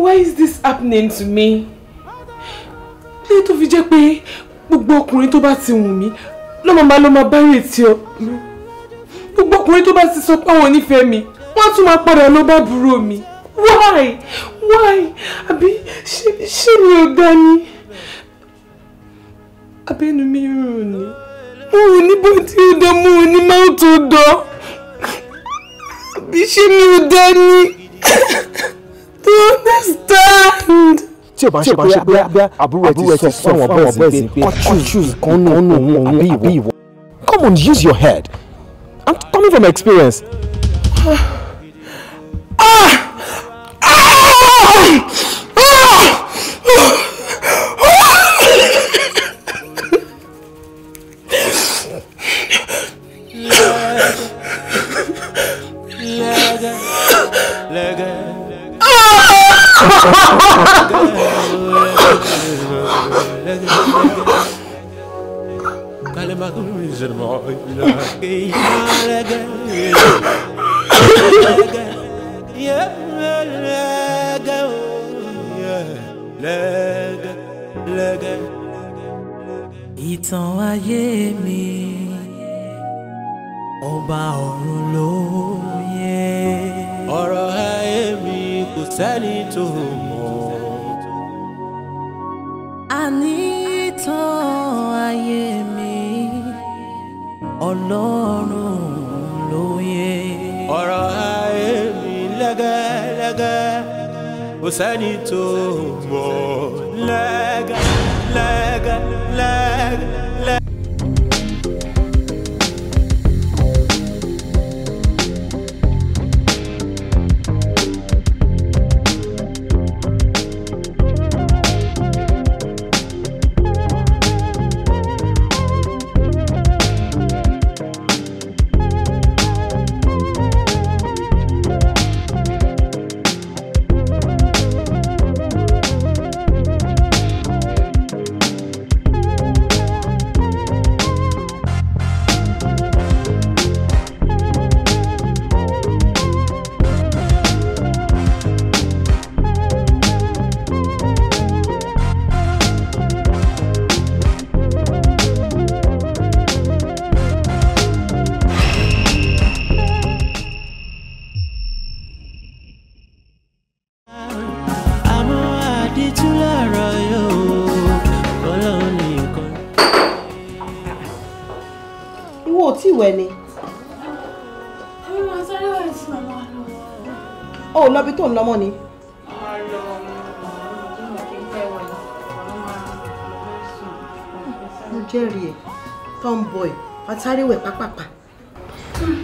Why is this happening to me? Ilé tó fi jẹ́ pé gbogbo ọkùnrin tó bá ti wù mí lọ́mọ máa lọ́mọ bá rè tí ọ gbogbo ọkùnrin tó bá ti sọ pé àwọn onífẹ̀ẹ́ mi wọ́n á tún máa padà lọ bá burú mi why why àbí ṣé mi ò dá ni abẹ́nu mi rùn ni mo rùn ní bó ti ó dán mo rùn ní máa tó dán àbí ṣé mi ò dá ni to understand tí o bá ń ṣe pé àbúrò ẹ ti sọ fún àwọn bọ́ọ̀sì pé ọ̀chùs kan nù òun àbí ìwọ. Come on, use your head. I'm coming from experience. Cemal'le Yâre gel Yâre gel Yâre gel Yâre Ìtàn ayé mi Ọba ọ̀run ló yé Ọ̀rọ̀ ayé mi kò sẹ́ni tó mọ̀ Àní ìtàn ayé mi ọlọ́run ló yé. ọ̀rọ̀ ayé mi lẹ́gẹ́lẹ́gẹ́ kò sẹ́ni tó mọ̀ lẹ́gẹ́lẹ́gẹ́ sáré wẹ̀ pápápá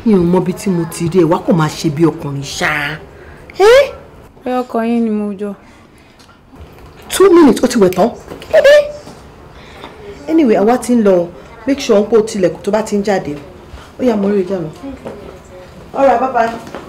mi ò mọbi tí mo ti rí ẹ wá kò máa ṣe bí ọkùnrin ṣáá. ẹ ọkọ yín ni mo jọ. two minutes ó ti wẹ̀ tán. anyway àwa ti ń lọ make sure ń pò tilẹ̀kùn tó bá ti ń jáde ó yá mo rí i lọ. all right bye bye.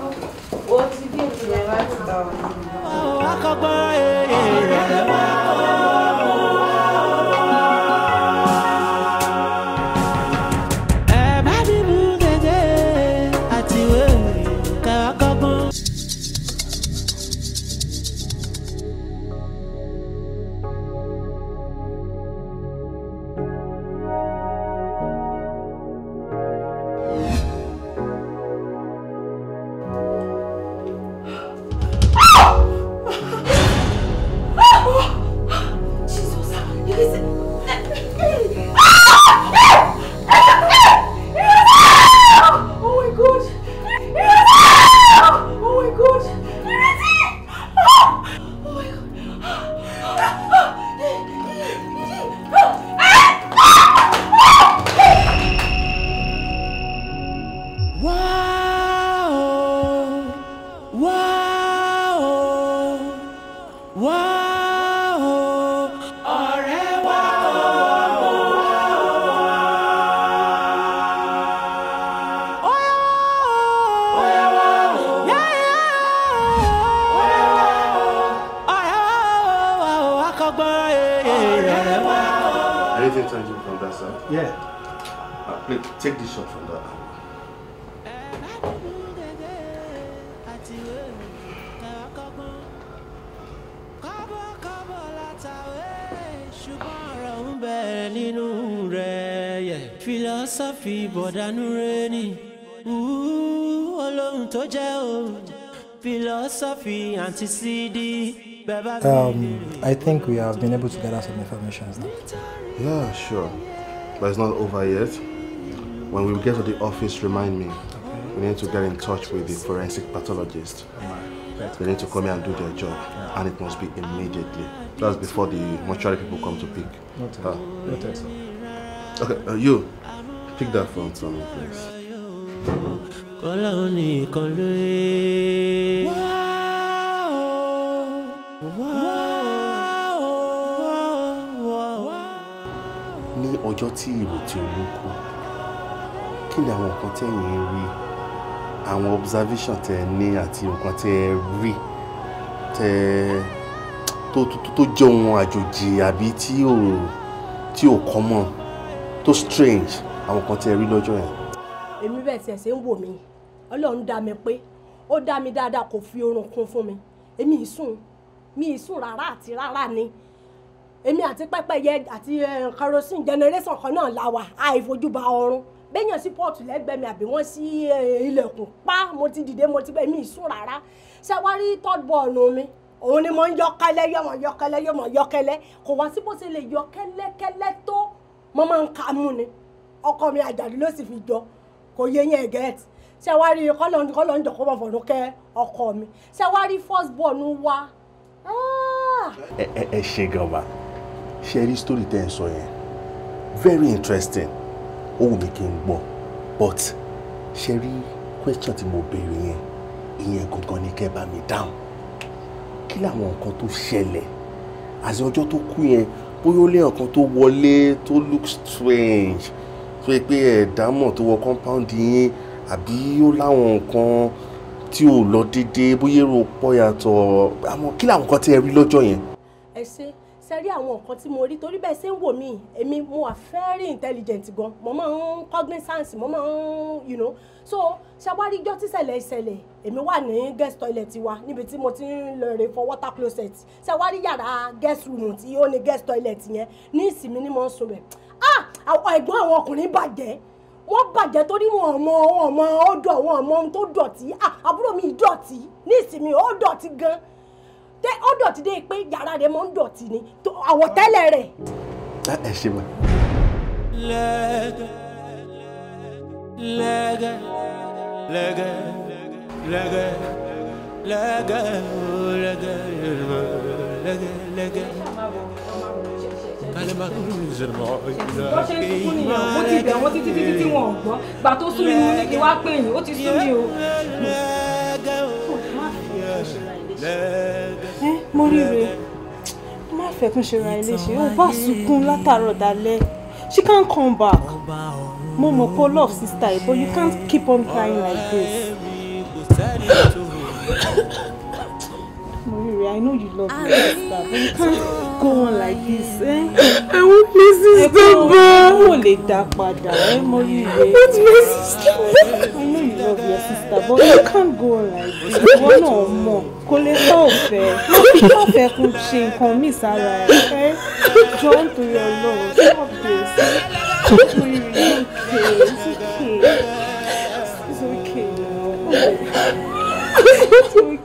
safi bọ̀dánú olóhùn tó jẹ́ o philosophy cd bàbá Um, I think we have been able to gather some information now. Yeah, sure. But it's not over yet. When we get to the office, remind me. We need to get in touch with the forensic pathologist. They need to come here and do their job, yeah. and it must be immediately. That's before the mortuary people come to pick. Noted. Uh, Noted. Okay, uh, you, Pick that phone for me, please. Wow! Wow! ní ìkọlé. Wá o, wá o. ní ọjọ́ tí ìrètí olóko kí ni àwọn nǹkan tẹ̀yìn rí àwọn observation tẹ ní àti nǹkan tẹ rí tẹ tó tó tó jẹ́ ohun àjòjì àbí tí ò tí ò common tó strange àwọn kan tí ẹ rí lọ́jọ́ yẹn. èmi bẹ́ẹ̀ tiẹ̀ ṣe ń wò mí ọlọ́run dá mi pé ó dá mi dáadáa kò fi oorun kún fún mi èmi ìsùn mi ìsùn rárá àti rárá ni èmi àti pẹ́pẹ́yẹ àti kerosene generation kan náà la wà àìfojúba ọrùn bẹ́yàn sí pọ́ọ̀tù lẹ́gbẹ̀ẹ́ mi àbí wọ́n sí ilẹ̀kùn pa mo ti dìde mo ti bẹ́ẹ̀ mi ìsùn rárá ṣé wàá rí third ball mi òun ni mo ń yọkẹ́lẹ́ yọmọ yọkẹ́lẹ́ yọmọ yọkẹ́lẹ́ kò wá sí bó ṣe lè yọkẹ́lẹ́kẹ́lẹ́ tó mo máa ń ka mú ni ọkọ mi àjàdí ló sì fi jọ kò yé yẹn get ṣe wá rí kọ́lọ́ọ̀dù kọ́lọ́ọ̀dù kọ́ bọ̀ ọkọ mi ṣe wá rí first born wa. Ah! ẹ ẹ ṣe gan ṣe rí story tẹ́ ẹ sọ yẹn very interesting ó wù mí kí gbọ́ but ṣe rí question tí mo béèrè yẹn ìyẹn gangan ni kẹ́ bá mi dáhùn kí làwọn nǹkan tó ṣẹlẹ̀ àti ọjọ́ tó kú yẹn bóyá ó lé ọ̀kan tó wọlé tó look strange tó yẹ pé ẹ̀dá mọ̀ tó wọ compound yín àbí ó láwọn nǹkan tí ò lọ déédéé bóyá èrò pọ̀ yàtọ̀ àmọ́ kí làwọn nǹkan tí ẹ rí lọ́jọ́ yẹn. ẹ ṣe ṣe rí àwọn nǹkan tí mo rí torí bẹ́ẹ̀ ṣe ń wò mí èmi mo wà very intelligent gan mo máa ń cognizance mo máa ń you know so ṣàwáríjọ́ tíṣẹ̀lẹ̀ ìṣẹ̀lẹ̀ èmi wà ní guest toilet wa níbi tí mo ti ń lọ rè fọ water closet ṣàwárí yàrá guest room tí ó ní guest toilet yẹn ní ìsinmi ni mo ń sùn ẹ̀gbọ́n àwọn ọkùnrin bàjẹ́ wọ́n bàjẹ́ torí wọn ọmọ ọmọ ọdọ wọn ọmọ ohun tó dọ̀tí àbúrò mi dọ̀tí ní ìsinmi ó dọ̀tí gan tẹ ó dọ̀tí dé pé yàrá rẹ̀ mọ́ ń dọ̀tí ni àwọ̀tẹ́lẹ̀ rẹ̀. ẹ ṣe wá. lẹ́gẹ̀ lẹ́gẹ̀ lẹ́gẹ̀ lẹ́gẹ̀ lẹ́gẹ̀ lẹ́gẹ̀ lẹ́gẹ̀ lẹ́gẹ̀ lọ́sẹ̀ ń sunkún nìyẹn ó ti bẹ̀ wọ́n títí títí tí wọ́n gbọ́ gbà tó sún mi ní kí wá pè yín ó ti sún mi o. ẹ mo ríre má fẹ̀kún ṣe ra ilé ṣe ó bá sunkún látàárọ̀ dalẹ́ she can't come back mo mọ̀ pé love sister but you can't keep on crying like this sorry. I know you love ah, me, sister, but you can't ah. go on like this. Eh? I won't my sister back. Ẹ kò lè dá padà, ẹ mọ iye. I want my sister I know you love your sister, but you can't go on like this. Ìwọ náà mọ̀, kò lè fẹ́ ọ̀fẹ́. Má fẹ́ kó ṣe nǹkan mí sára ẹ̀. Jọ ń torí stop this. It's okay, it's okay. It's okay. It's okay.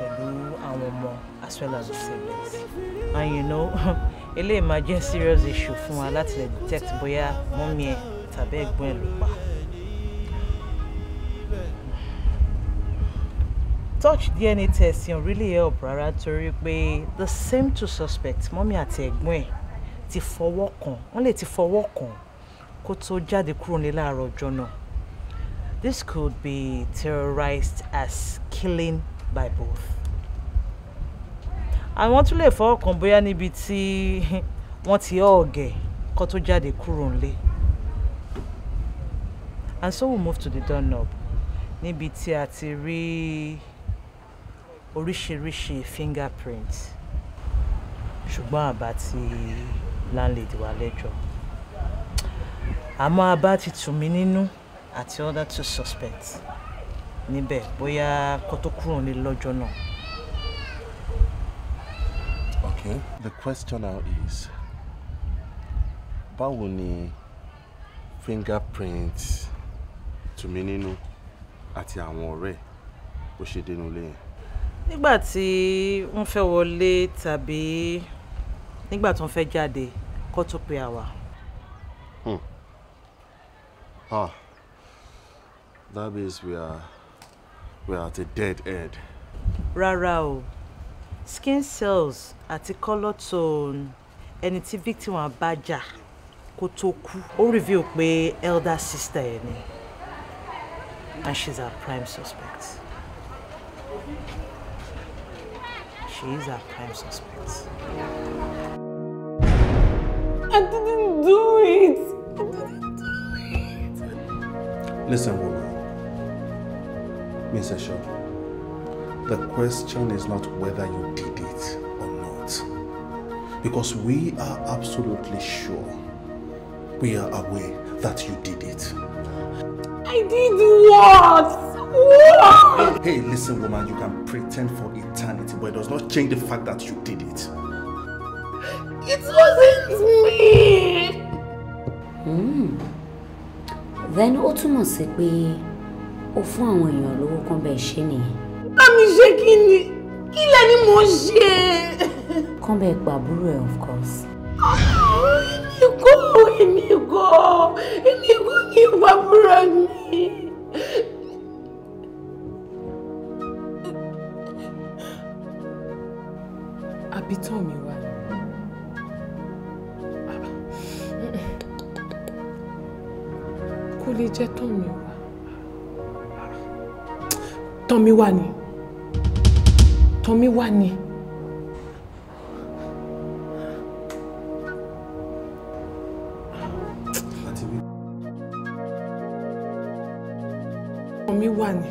pẹ̀lú àwọn ọmọ as well as the siblings and you know eléyìí máa jẹ́ serious issue fún wa láti lè detect bóyá mọ́mí ẹ̀ tàbí ẹ̀gbọ́n ẹ̀ ló pa. touch DNA testing really help rárá torí pé the same two suspects mọ́mí àti ẹ̀gbọ́n ẹ̀ ti fọwọ́ kàn wọ́n lè ti fọwọ́ kàn kó tó jáde kúrò ní láàárọ̀ ọjọ́ náà this could be terrorized as killing by both àwọn tún lè fọwọ́ kan bóyá níbi tí wọ́n ti ọ̀gẹ̀ kó tó jáde kúrò ńlé and so we move to the doorknob níbi tí a ti rí oríṣiríṣi fingerprint ṣùgbọ́n àbá ti landlady wa lẹ́jọ́ àmọ́ àbá ti tù mí nínú àti other two suspects níbẹ̀ bóyá kó tó kúrò ní lọ́jọ́ náà. Okay, the question now is báwo ni fingerprint tùmí nínú àti àwọn ọ̀rẹ́ bó ṣe dénú lé yẹn. nígbà tí wọ́n fẹ́ wọlé tàbí nígbà tí wọ́n fẹ́ jáde kó tó pe àwa. Hmm. Ah, that means we are. We're at a dead end. rárá o skin cells àti colour tone ẹni tí victim bá jà kó tó kú ó reveal pé elder sister ẹ ni and she's our prime suspect she is our prime suspect. I didn't do it. I didn't do it. Listen, woman. Miss Shaw, the question is not whether you did it or not. Because we are absolutely sure, we are aware that you did it. I did what? What? Hey, listen woman, you can pretend for eternity, but it does not change the fact that you did it. It wasn't me! Hmm. Then ó said sí ó fún àwọn èèyàn lówó kan bẹ́ẹ̀ ṣe nìyẹn. bá mi ṣe kí ni kí lẹ ni mo ṣe. kan bẹ́ẹ̀ pàbúrò ẹ̀ of course. èmi kọ́ èmi kọ́ èmi kọ́ ni pàbúrò mi. àbítọ́ mi wà. kó lè jẹ́ tán mi wà tọ́mí wà ní tọ́mí wà ní. tọ́mí wà ní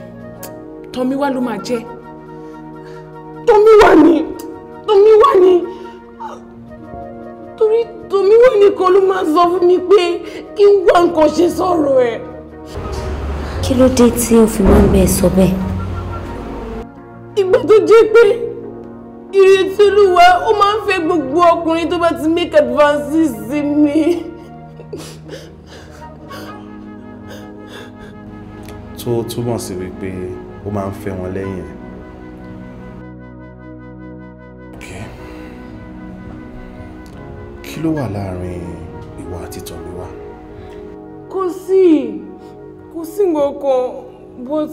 tọ́mí wà ló máa jẹ́ tọ́mí wà ní tọ́mí wà ní torí tọ́mí wà nìkan ló máa sọ fún mi pé kí n wá nǹkan ṣe sọ̀rọ̀ ẹ̀. kí ló dé tí o fi máa ń bẹ sọ bẹ́ẹ̀ jẹ́ pé ìrètí olúwa ó máa ń fẹ́ gbogbo ọkùnrin tó bá ti make advances sí mi. tó túmọ̀ sí wípé ó máa ń fẹ́ wọn lẹ́yìn ẹ̀. kí ló wà láàrin ìwà àti tọ̀míwá. kò sí kò sí nǹkan kan but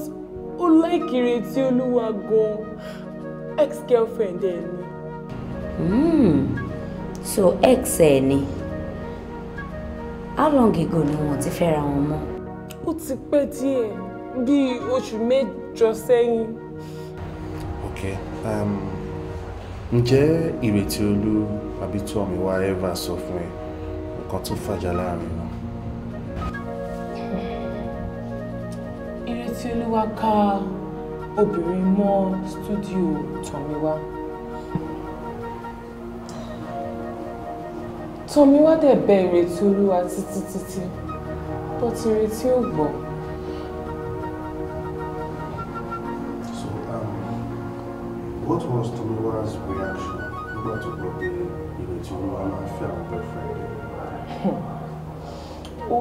ó láìkiri tí olúwa gan-an ex-girlfriend ẹ̀ ni. Mm. so ex ẹ̀ ni how long ago ni wọ́n ti fẹ́ra wọn mọ́. ó ti pẹ́ díẹ̀ bíi oṣù mẹ́jọ sẹ́yìn. ok um, ǹjẹ́ ìrètí olú àbí tọ́mi wá ever sọ fún ẹ nǹkan tó fàjà láàrin wọn. ìrètí olúwa ká. Ka obìnrin mọ́ stúdíò Tọ̀míwá. Tọ̀míwá dẹ̀ bẹ ìrètí olúwa títí títí bó ti retí ò gbọ́. So um, what was Tomiwa's reaction nígbà tó gbọ́ pé ìrètí olúwa máa fi àwọn boyfriend rẹ̀? Ó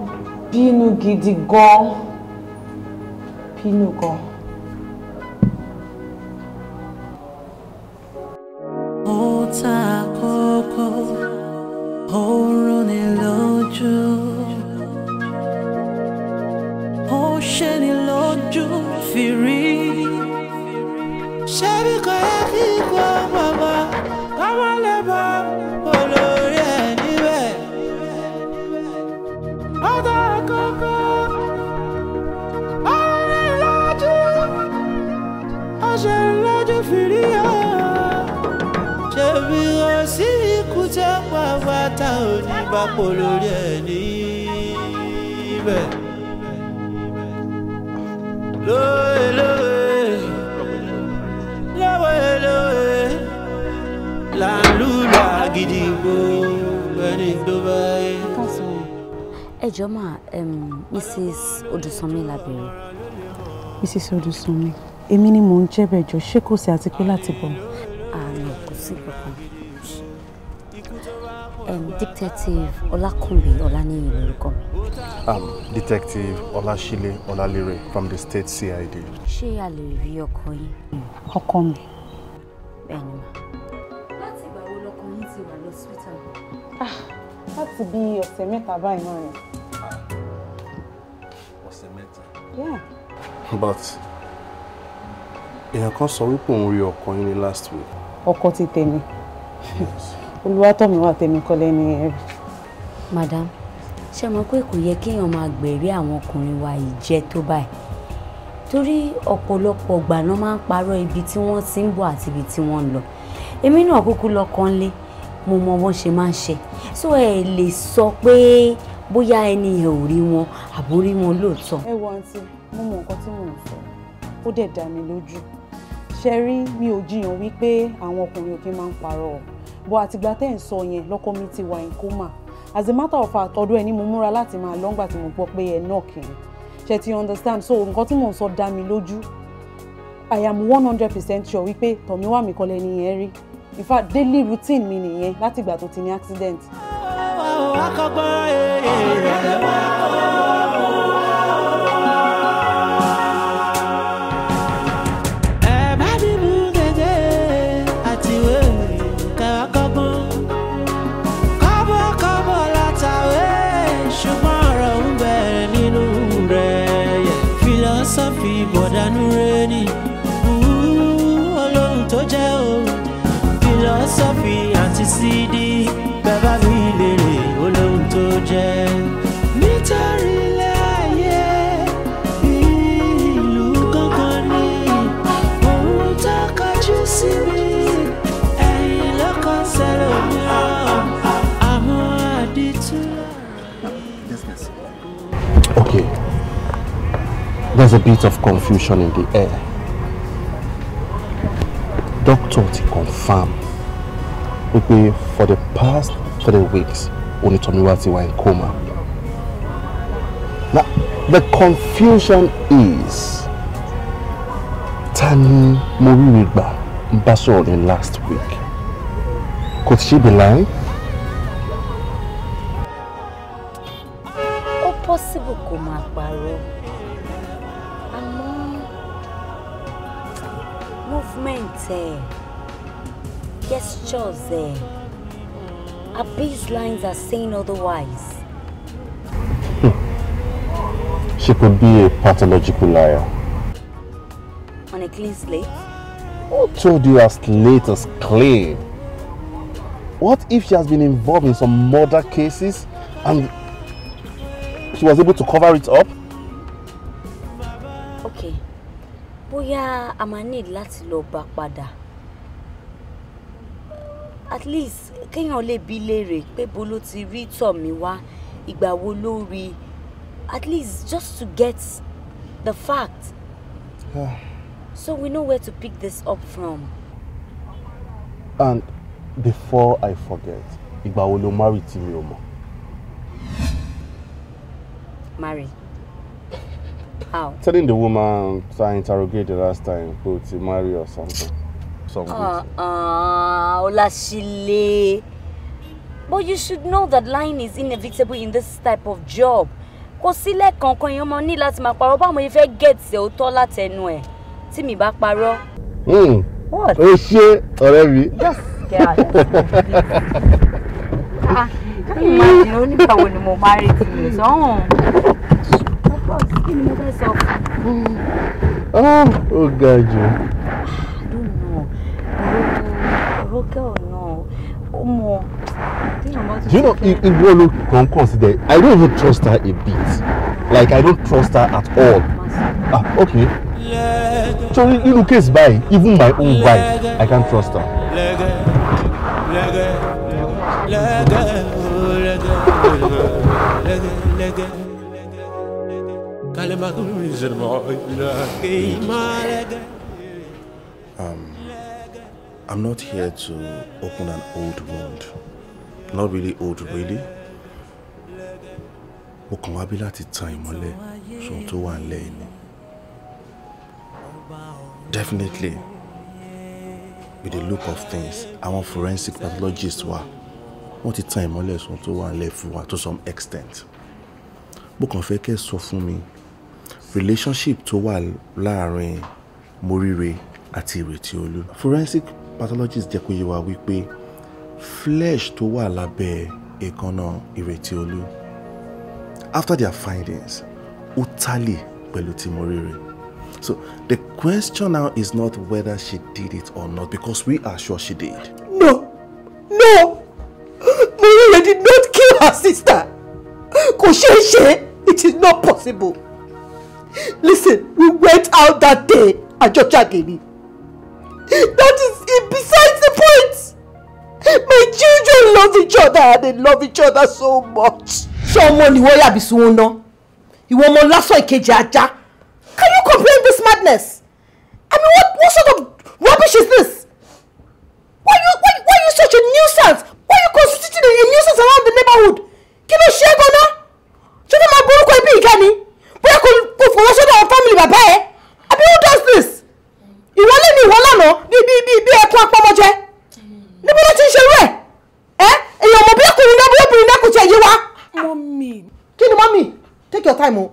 bínú gidi gan-an. Bínú gan-an. ìrọ̀ sí ikú tẹ́ pàápàá oníbàpọ̀ lórí ẹ̀ níbẹ̀. lóye lóye lóye lóye là ń lùlọ àgídìgbò ẹni tó bá yẹ. ẹ jọ máa Mrs. Odùsànmí lábẹ́rẹ́. Mrs. Odùsànmí èmi ni mò ń jẹ́bẹ̀jọ ṣé kò sí àti pé láti bọ̀. detective Olakunbi Olaniyi lórúkọ I'm detective Olashile Olalire, from the state CID. Ṣé a lè rí ọkọ yín? Ọkọ mi. Bẹ́ẹ̀ni ma. Láti ìgbà wo lọkọ yín ti wà lọ síbítà? Ah, láti bí ọ̀sẹ̀ mẹ́ta báyìí náà ni. Ọ̀sẹ̀ mẹ́ta? Yeah. But èèyàn kan sọ wípé òun rí ọkọ yín ní last week. Ọkọ ti tèmi. Yes. Olúwatọ́míwà tèmi kọ́lé ní ẹ̀rí. madam ṣé mọ̀ pé kò yẹ kéèyàn máa gbẹ̀rí àwọn ọkùnrin wa yìí jẹ́ tó báyìí torí ọ̀pọ̀lọpọ̀ ọgbà náà máa ń parọ́ ibi tí wọ́n ti ń bọ̀ àti ibi tí wọ́n ń lọ èmi náà kúkú lọ́kọ́ ńlé mo mọ wọ́n ṣe máa ń ṣe so ẹ lè sọ pé bóyá ẹni yẹn ò rí wọn àbò rí wọn lóòótọ́. ẹ wọ àǹtí mo mọ nǹkan tí mò ń sọ ó dẹ̀ dá mi lójú ṣe mi ò jiyàn wípé àwọn ọkùnrin òkè máa ń parọ́ ọ̀ bọ́ àtìgbà tẹ́ ẹ̀ sọ yẹn lọ́kọ mi ti wà ní kómà as a matter of fact ọ̀dọ̀ ẹ̀ ni mo múra láti máa lọ́ngbà tí mo gbọ́ pé ẹ̀ náà kìíní ṣe ti understand so nǹkan tí mò ń sọ dá mi lójú i am one hundred percent sure wípé tọ̀míwá mi kọ́lẹ̀ ni yẹn rí in fact daily routine mi nìyẹn látìgbà tó ti ní accident. àkọ́gbọ́n èèyàn eh, lè eh. wá ọ́. Sídí bàbá mi lèrè olóhùn tó jẹ́ nítorí ilé ìlú kankan ni òun tó kọjú sí mi ẹ̀yìn lọ́kọ̀ sẹ́lẹ̀ mìíràn àmọ́ àdìtúlẹ̀. Okay, there's a bit of confusion in the air. Doctor to confirm wípé for the past three weeks onitomiwa ti wà in coma now the confusion is Tani ni mo ríre gbà ń last week could she be lying. ó possible kó máa parọ́ movement Eh gestures there. Our lines are saying otherwise. Hmm. She could be a pathological liar. On a clean slate? Who told you her slate is clean? What if she has been involved in some murder cases and she was able to cover it up? Okay. Bóyá a máa need láti lọ back padà at least kéèyàn lè bi léèrè pé bo ló ti rí tọ̀ wá ìgbà wo ló rí at least just to get the fact yeah. so we know where to pick this up from. and before I forget ìgbà wo ló marry tí mi ò mọ̀. marry how. telling the woman I interrogated last time pé marry or something some uh, goods. Uh, Olashile. But you should know that lying is inevitable in this type of job. Kò sílẹ̀ kankan èèyàn máa ní láti máa parọ́ báwo ni fẹ́ gẹ̀ẹ́tì òótọ́ látẹnu ẹ̀ tí mi bá parọ́. Hmm. What? O ṣe ọ̀rẹ́ mi. Yes, girl. Kí ni mo máa rí ti lè sọ́hùn? Kí ni mo fẹ́ sọ? Hmm. Ah, ó ga jù. Do you know Igbolu can consider? I don't even trust her a bit. Like I don't trust her at all. Ah, okay. So in the case by even my own wife, I can't trust her. كلمة من جرمعي لا قيمة I'm not here to open an old wound. Not really old, really. Mo kàn wá bí láti tan ìmọ́lẹ̀ sóhun tó wà nílẹ̀ yìí ni. Definitely, with the look of things, àwọn forensic pathologist. wa wọ́n ti tan ìmọ́lẹ̀ sóhun tó wà nílẹ̀ fún wa to some extent. Mo kàn fẹ́ kẹ́ sọ fún mi relationship tó wà láàárín Moríre àti Ìrètíolú. Forensic pathologist jẹ́ kó yé wa wípé flesh tó wà lábẹ́ èékánná ìrètí olú after their findings ó tálè pẹ̀lú ti Moriri so the question now is not whether she did it or not because we are sure she did. no no Moriri did not kill her sister kò ṣeé ṣe it is not possible listen we went out that day àjọjá gèlè. That is besides the point. My children love each other and they love each other so much. Ṣé ọmọ ni wọ́n yàbí sunwọ́n ná? Ìwọ ọmọ lásán ìkejì ajá. Can you complain this madness? I mean what, what sort of rubbish is this? Why you, why, why you such a nuisance? Why you constituting a, nuisance around the neighborhood? Kí ló ṣe é gan-an? Ṣé fẹ́ máa borúkọ ẹbí ìga ni? Bóyá kò fọwọ́ sọ́dọ̀ àwọn fámìlì bàbá ẹ̀? Àbí who does this? ìwọ lé ní ìwọ lánàá bí bí bí bí ẹkún apọmọjẹ níbo ló ti ń ṣerú ẹ ẹ èèyàn mọ̀ bí ọkùnrin náà bí obìnrin náà kò tiẹ̀ yé wa. kí ni mọ́mì take your time o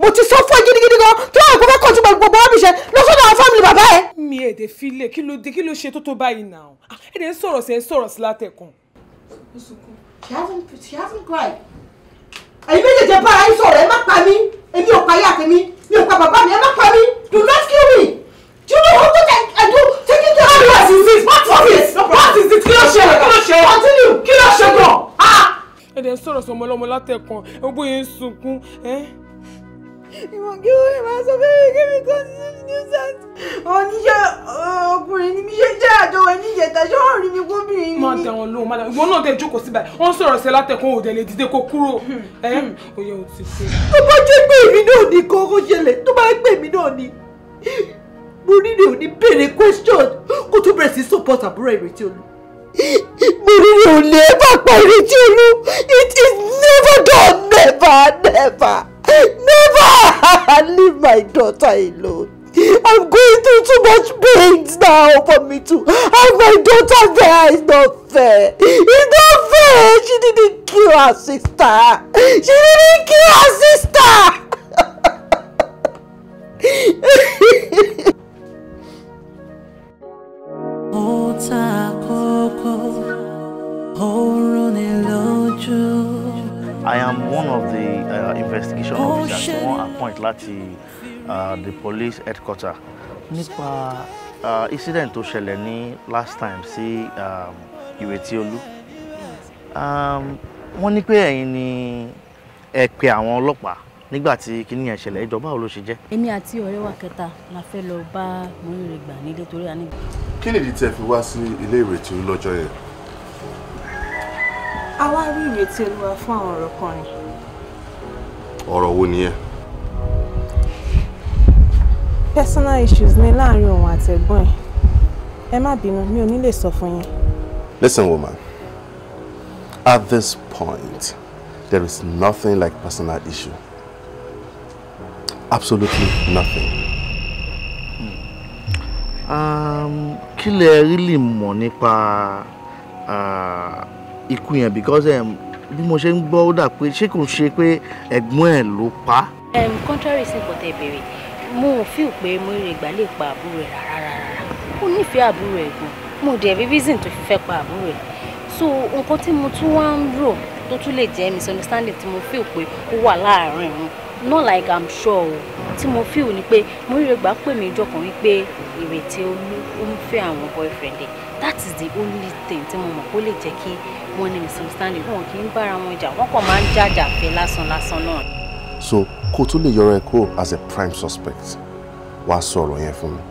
mo ti sọ fún ẹ gidigidi gan tó àwọn kò fẹ́ kọjú gbogbo wọn bí ṣe lọ sọ́dọ̀ àwọn fámìlì bàbá ẹ. mi ẹ̀ dẹ̀ fi lè kí ló dé kí ló ṣe tó tó báyìí náà ẹ̀ dẹ̀ ń sọ̀rọ̀ sí ẹ̀ ń sọ̀rọ̀ sí látẹ̀kùn. she hasn't she hasn't cried ẹ̀yin méjèèjì bára yín sọ̀rọ̀ ẹ má pa mí èmi ò pa yá tèmi mi ò pa bàbá mi ẹ má pa mí do not kill me do you know how much I, I do taking care of you? what is this what is this what is this kí ló ṣe kí ló ṣe continue kí ló ṣe gan. ẹ̀dẹ̀ sọ̀rọ̀ sọmọ ọlọ́mọ látẹ̀kàn ẹ̀ bóyá ń sunkún. ìwọ̀n kí wọ́n máa sọ pé kébì kan ní nuisance. oníṣẹ́ ọkùnrin ni mi ṣe jẹ́ àjọ ẹni ìjẹta ṣé wọ́n rí mi kóbìnrin ni. máa dẹ̀wọ̀n lóhùn máa dẹ̀wọ̀n ìwọ náà dẹ̀ jókòó síbẹ̀ wọ́n sọ̀rọ̀ sí látẹ̀kùn òde lè dìde kó kúrò. ó yẹ òtítọ́. tó bá jẹ́ pé èmi náà ni kókó ṣẹlẹ̀ tó bá pè mí náà ni mo rí rẹ̀ ní béèrè question kó tó bẹ̀rẹ̀ sí support àbúrò ìrètí olú. mo rí rẹ̀ ò pa ìrètí olú it is never done never never never leave my daughter alone. I'm going through too much pain now for me to have my daughter there. It's not fair. It's not fair. She didn't kill her sister. She didn't kill her sister. one of the uh, investigation oh, officers tí wọ́n appoint láti uh, the police headquarter nípa uh, incident tó ṣẹlẹ̀ ní last time sí um, Ìwétíolú um, wọ́n ní pé ẹ̀yin ni ẹ pe àwọn ọlọ́pàá nígbà tí kinní yẹn ṣẹlẹ̀ ìjọba ò ló ṣe jẹ́. èmi àti ọ̀rẹ́ wa kẹta la fẹ́ lọ bá mọ́rẹ́rẹ́ gbà nílé torí àná. kí nìdí tí ẹ fi wá sí ilé ìwé tí lọ́jọ́ yẹn. a wá rí ìrètí olúwa fún àwọn ọ̀rọ̀ kan rìn ọ̀rọ̀ wo nìyẹn. personal issues ni láàrin òun àti ẹ̀gbọ́n ẹ̀ ẹ má bínú mi ò ní lè sọ fún yín. listen woman at this point there is nothing like personal issue absolutely nothing. Um, kí lẹ rí lè mọ̀ nípa uh, ikú yẹn because. Um, bí mo ṣe ń gbọ́ ó dà pé ṣé kò ṣe pé ẹ̀gbọ́n ẹ̀ ló pa. contrary sí nǹkan tẹ́ bèrè mo ò fíò pé Mórègbà lè pa àbúrò ẹ̀ rárá ó nífẹ̀ẹ́ àbúrò ẹ̀ gan mo dẹ̀ rí reason tó fi fẹ́ pa àbúrò ẹ̀ so nǹkan tí mo tún wá ń rò tó tún lè jẹ́ misunderstanding tí mo fíò pé ó wà láàárín wọn not like i'm sure tí mo fíò ni pé Mórègbà pè mí ìjọkàn wípé ìrètí ó ń fẹ́ àwọn boyfriend ẹ̀ that is the only thing tí mo mọ̀ kó lè jẹ́ kí wọ́n ní misunderstanding wọn kì í bára wọn jà wọ́n kàn máa ń jàjà fẹ́ lásán lásán náà. so kó tó lè yọra ẹ kó as a prime suspect wàá sọ ọ̀rọ̀ yẹn fún mi.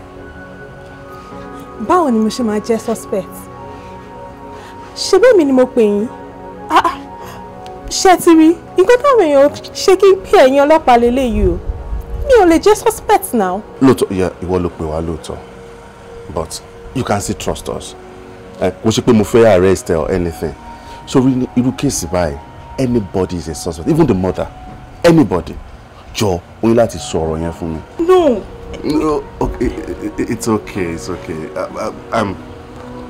báwo ni mo ṣe máa jẹ́ suspect ṣebí èmi ni mo pè yín ah, ah, ṣe ti rí nǹkan táwọn èèyàn ṣe kí n pè ẹ̀yin ọlọ́pàá lélẹ́yìí o mi ò lè jẹ́ suspect now. lóòótọ́ ìyá ìwọ ló pè wá lóòótọ́ but you can still trust us kò ṣe pé mo fẹ́ arrest or anything so irú case by anybody is a suspect even the mother anybody jọ o ní láti sọ ọ̀rọ̀ yẹn fún mi. no. no okay it's okay it's okay I, I,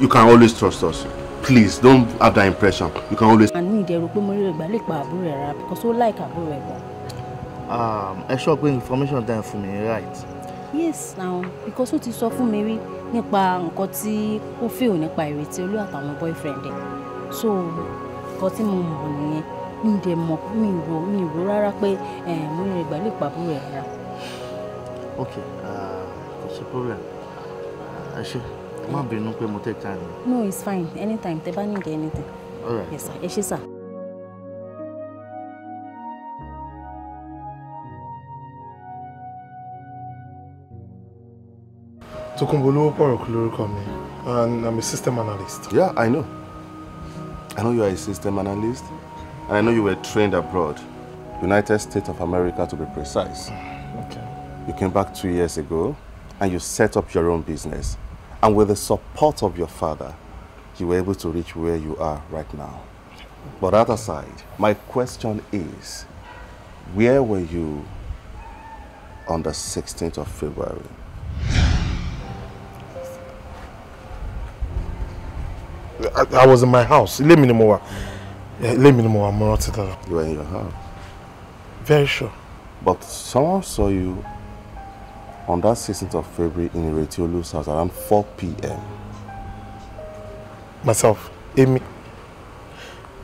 you can always trust us please don't have that impression you can always. àní ìdẹ̀rù pé mo rí ìgbà lè pa àbúrò ẹ̀ rà because ó like àbúrò ẹ̀ gan. Um, ẹ sọ pé information time fún mi right yes now because ó ti sọ fún mi rí nípa nǹkan tí ó fẹ́ ò nípa ìrètí olú àtàwọn boyfriend ẹ̀ so nǹkan tí mo mọ̀ nìyẹn mi dẹ̀ mọ̀ mi rò mi rò rárá pé eh, mo rìn ìgbà lè pàbó rárá. ok ah, kò sí problem ah, ẹ ṣe má bínú pé mo take time. no it's fine anytime tẹ bá need anything. all right yes sir ẹ ṣe sir. Tokumbulu Porok lórúkọ and I'm a system analyst. Yeah, I know. I know you are a system analyst and I know you were trained abroad. United States of America to be precise. Mm, okay. You came back two years ago and you set up your own business. And with the support of your father, you were able to reach where you are right now. But that aside, my question is, where were you on the 16th of February I, I was in my house. Let me know. Let me know. I'm not sure. You were in your house? Very sure. But someone saw you on that 16th of February in Iretiolu's house around 4 p.m. Myself, Amy.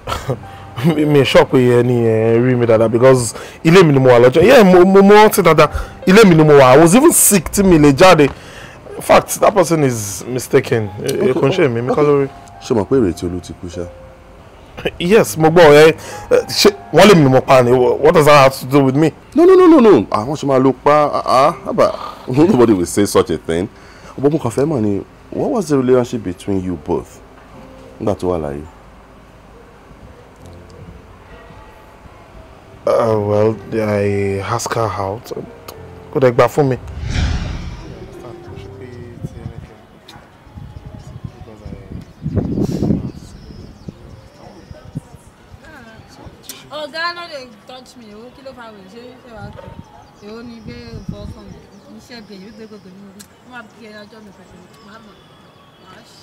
mi shock yẹn any rí that because ilé mi ni mo yeah mo mo mo rántí dáadáa ilé mi ni I was even sick to mi lè jáde fact that person is mistaken ekunṣe mi mi me. lórí ṣé mọ̀ pé ìrètí olú ti kú ṣá. yes mo gbọ́ ẹ ṣé wọ́n lè mi pa ni what does that have to do with me. no no no no no àwọn ah, ṣe máa lo pa ah, ah, àbá nobody will say such a thing ọgbọ́n mo kàn fẹ́ mọ̀ ni what was the relationship between you both nígbà tó wà láyé. Uh, well I ask her out Could I gbà fún mi. àwẹ̀ ṣé ṣé wàá kì í èwo ni gbé ìfọwọ́sàn mi iṣẹ́ bí èyí gbé gbogbo mi rí wọ́n máa bí ẹyà ọjọ́ mi pẹ̀lú màá mọ̀ màá ṣe.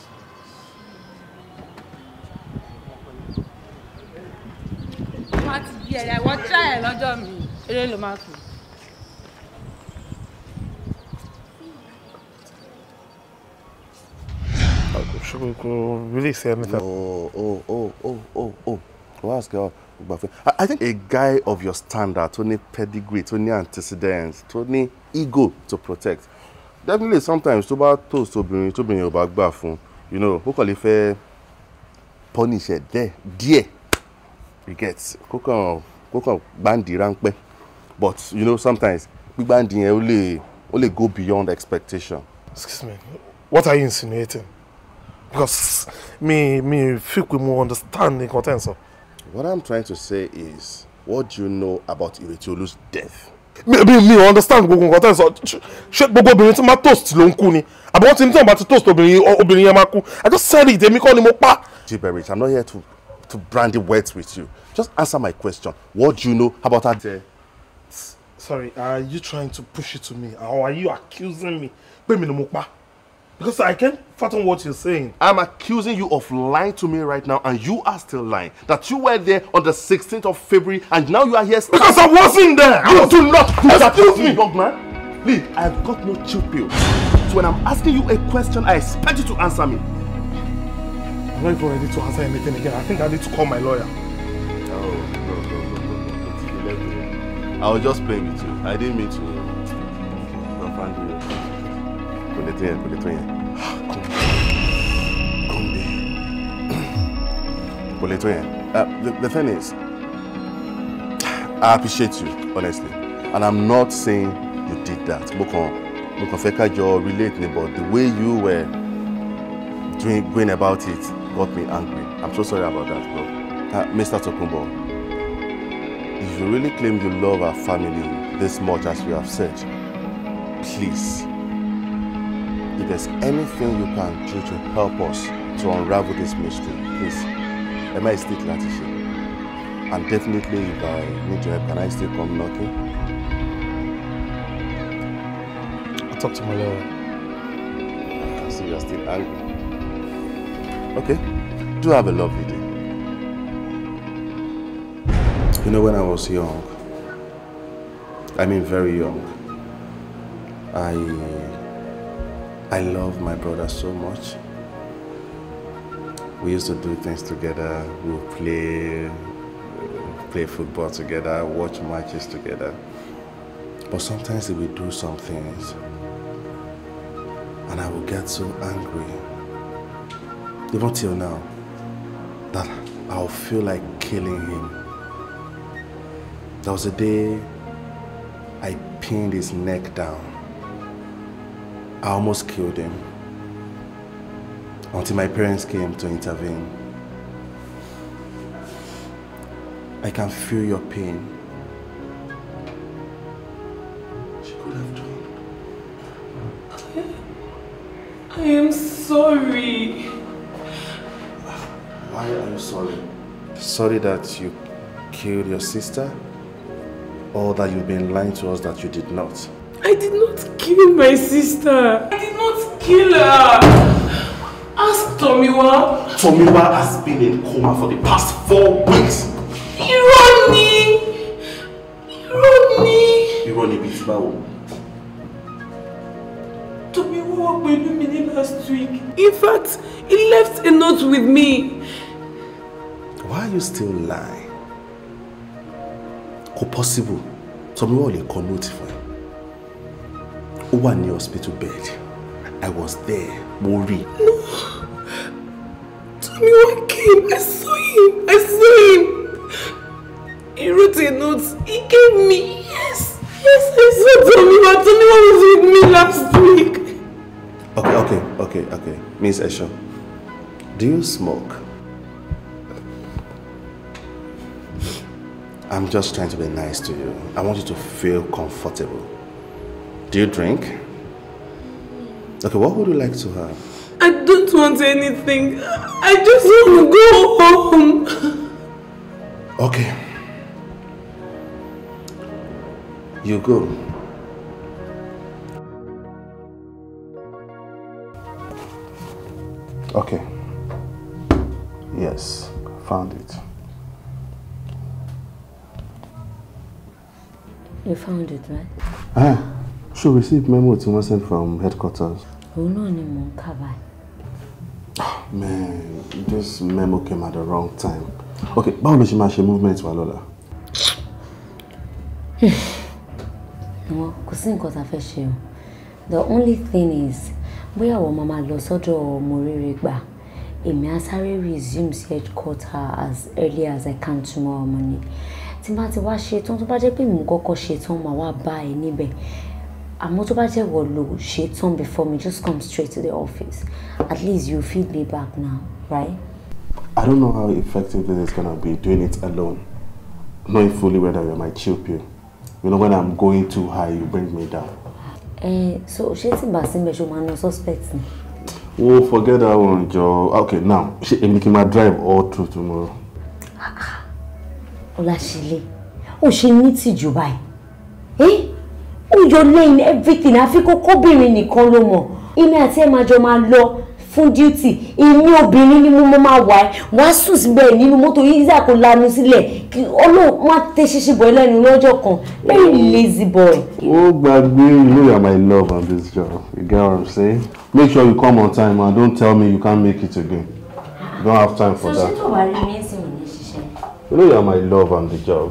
wọ́n á ti bí ẹyà ìwọ́ tíra ẹ̀ lọ́jọ́ mi eré ló máa kù. Should we go release anything? Oh, oh, oh, oh, oh, oh. Let's go. I think a guy of your standard tó ní pedigree tó ní antecedents tó ní ego to protect definitely sometimes tó bá toast obìnrin tóbìnrin ò bá gbà fún you know ó kàn lè fẹ́ punish ẹ̀ díẹ̀ díẹ̀ you get kó kàn kó kàn gbáǹdì but you know sometimes gbígbáǹdì yẹn ó lè ó lè go beyond expectation. excuse me what are you insinuating because me, me feel pé mo understand the tẹ́ ń sọ. So. What I'm trying to say is, what do you know about Iretiolu's death? mi mi mi understand gbogbo nǹkan tẹ́ ẹ sọ ṣé gbogbo obìnrin tí máa toast ló ń kú ni àbí wọ́n ti ní tí wọ́n bá ti toast obìnrin obìnrin yẹn máa kú I just said it èmi kọ́ ni mo pa. Jiberich I'm not here to to brandy words with you just answer my question what do you know about her death. Sorry, are you trying to push it to me or are you accusing me pé mi ni mo pa. Because I can't fathom what you're saying. I'm accusing you of lying to me right now, and you are still lying. That you were there on the 16th of February, and now you are here. Because I wasn't there! You was... do not do Excuse that to me, young man. Lee, I've got no chill pill. So when I'm asking you a question, I expect you to answer me. I'm not even ready to answer anything again. I think I need to call my lawyer. Oh, no, no, no, no, no. I was just playing with you. I didn't mean to. No, you kò lè tó yẹn kò lè tó yẹn uh, the thing is I appreciate you honestly and I'm not saying you did that mo kàn mo kàn fẹ́ relate ni but the way you were doing going about it got me angry I'm so sorry about that bro uh, Mr. Tokumbo, if you really claim you love our family this much as you have said please If there's anything you can do to help us to unravel this mystery, please, am I still glad to see? And definitely, if I need your help, can I still come knocking? I'll talk to my lawyer. I can see you're still angry. Okay, do have a lovely day. You know, when I was young, I mean very young, I I love my brother so much. We used to do things together. We would play, play football together, watch matches together. But sometimes he would do some things and I would get so angry. Even till now, that I'll feel like killing him. There was a day I pinned his neck down. I almost killed him until my parents came to intervene. I can feel your pain. She could have told. I, I am sorry. Why are you sorry? Sorry that you killed your sister? Or that you've been lying to us that you did not? not kill my sister. I did not kill her. Ask Tomiwa. Tomiwa has been in coma for the past four weeks. Irọ́ ni! Irọ́ ni! Irọ́ ni bíi ti báwo? Tomiwa wà pẹ̀lú mi last week. In fact, he left a note with me. Why are you still lying? Kò possible. Tomiwa ò lè kọ note ó wà the hospital bed I was there mo rí. no Tomi what came I saw him I saw him he wrote a note he gave me yes yes I saw me. but Tomi wan was with me last week. okay okay okay okay Miss Esha. do you smoke? I'm just trying to be nice to you. I want you to feel comfortable. Do you drink? Okay, what would you like to have? I don't want anything. I just want to go home. Okay. You go. Okay. Yes, found it. You found it, right? Ah. She received memo tí wọ́n send from headquarters. òun náà ni mò ń kà báyìí. Ah, man this memo came at the wrong time. ok báwo ló ṣe máa ṣe movement wa lọ́la. wọn kò sí nǹkan tá a fẹ́ ṣe o the only thing is bóyá àwọn ọmọ máa lọ sọ́dọ̀ ọmọ rere gbà èmi á sáré resume sí headquarter as early as I can tomorrow morning tí bá ti wá ṣetán tó bá jẹ́ pé mò ń kọ́kọ́ ṣetán màá wá bá ẹ níbẹ̀ àmọ́ tó bá jẹ́ wọ̀ lò ṣe tán before me just come straight to the office at least you feed me back now right. I don't know how effective this is gonna be doing it alone knowing fully whether you're my chill pill you know when I'm going too high you bring me down. Eh, so ṣé tí bàṣẹ́mbẹ̀ ṣe máa ń suspect ni. Oh, forget that one, Joe. Okay, now, she èmi kí n drive all through tomorrow. Ah, ah, Ọláṣílé, ó ṣe ní tìjú Dubai. Eh? open your lane everything àfi kókó obìnrin nìkan ló mọ̀ èmi àti ẹ̀ jọ máa lọ fún duty èmi obìnrin ni mo máa wà ẹ́ wàá sùn síbẹ̀ nínú mọ́tò yíyá kò lanu sílẹ̀ kí ọlọ́run má tẹ ṣíṣe bọ̀ lẹ́nu lọ́jọ́ kan lẹ́yìn lazy boy. ó gbàgbé you know you my love and this girl you get what i'm saying make sure you come on time and don't tell me you can't make it again you don't have time for so that. ṣé tó wà rí mi ẹ̀ sìn ní ṣiṣẹ́. you know you my love and the job.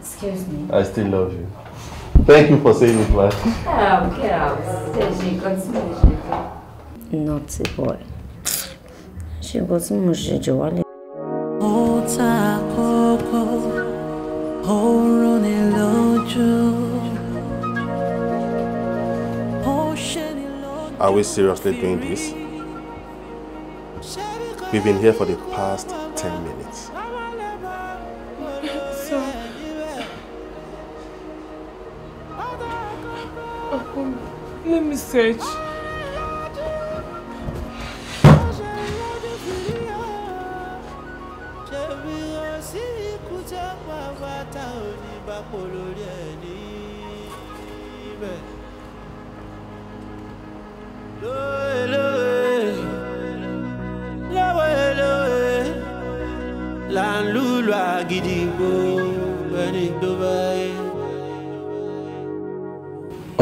excuse me. i still love you. Thank you for saying it, man. Not boy. She was tí Are we seriously doing this? We've been here for the past 10 minutes. Oh, let me search. Ṣé bí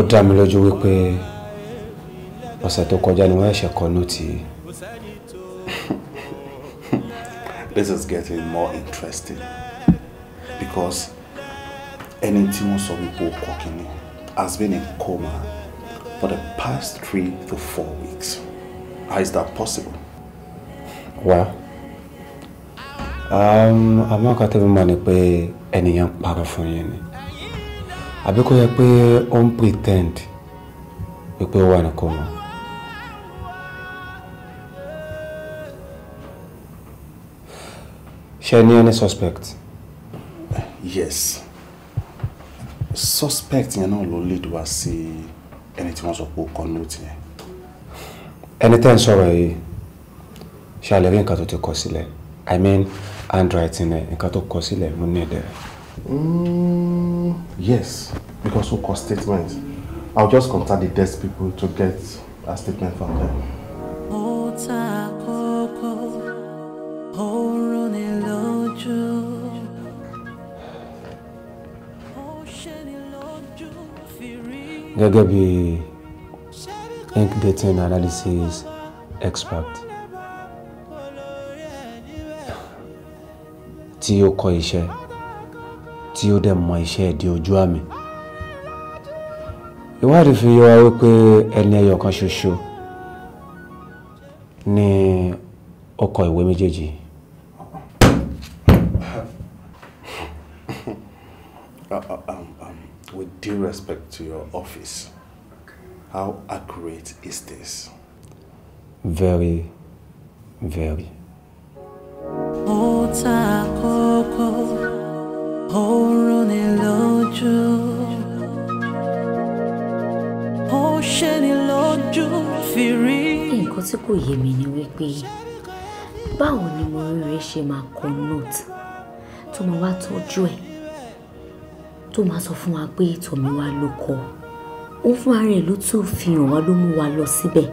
dá mi lójú wípé ọ̀sẹ̀ tó kọjá ni wọ́n ṣẹ̀ṣẹ̀ kọ́ This is getting more interesting because ẹni tí wọ́n sọ wípé ó kọ́ kínní has been in coma for the past three to four weeks. How is that possible? Well, um, àmọ́ kan tẹ́mi mọ̀ ni pé ẹnìyàn parọ́ fún yín ni àbí kó yẹ pé ó ń pretend wípé ó wà ní kọ́mọ. ṣe ní any suspect. yes suspect yẹn náà ló lead wá sí ẹni tí wọ́n sọ pé ó kọ́ nóòtì yẹn. ẹni tẹ́ ń sọ̀rọ̀ yìí ṣe àlẹ́ rí nǹkan tó ti kọ sílẹ̀ i mean handwriting ẹ̀ nǹkan tó kọ sílẹ̀ mo ní ìdẹ̀rẹ̀. Mm, yes, because who cost statements. I'll just contact the desk people to get a statement from them. gẹ́gẹ́ bí ink dating analysis expert tí ó kọ iṣẹ́ tí ó dẹ̀ mọ iṣẹ́ ìdí ojú àmì ìwádìí fi yọ wípé ẹni ẹyọ kan ṣoṣo ní ọkọ̀ ìwé méjèèjì. with due respect to your office, how accurate is this? Very, very. Ó oorun ni lójú ó ṣe ni lójú fi rí. nǹkan tí kò yé mi ni wípé báwo ni mo rere ṣe máa kọ note tó máa wá tọ́jú ẹ̀ tó máa sọ fún wa pé tòmíwá ló kọ ó fún ara ẹ̀ ló tún fi hàn wá ló mú wa lọ síbẹ̀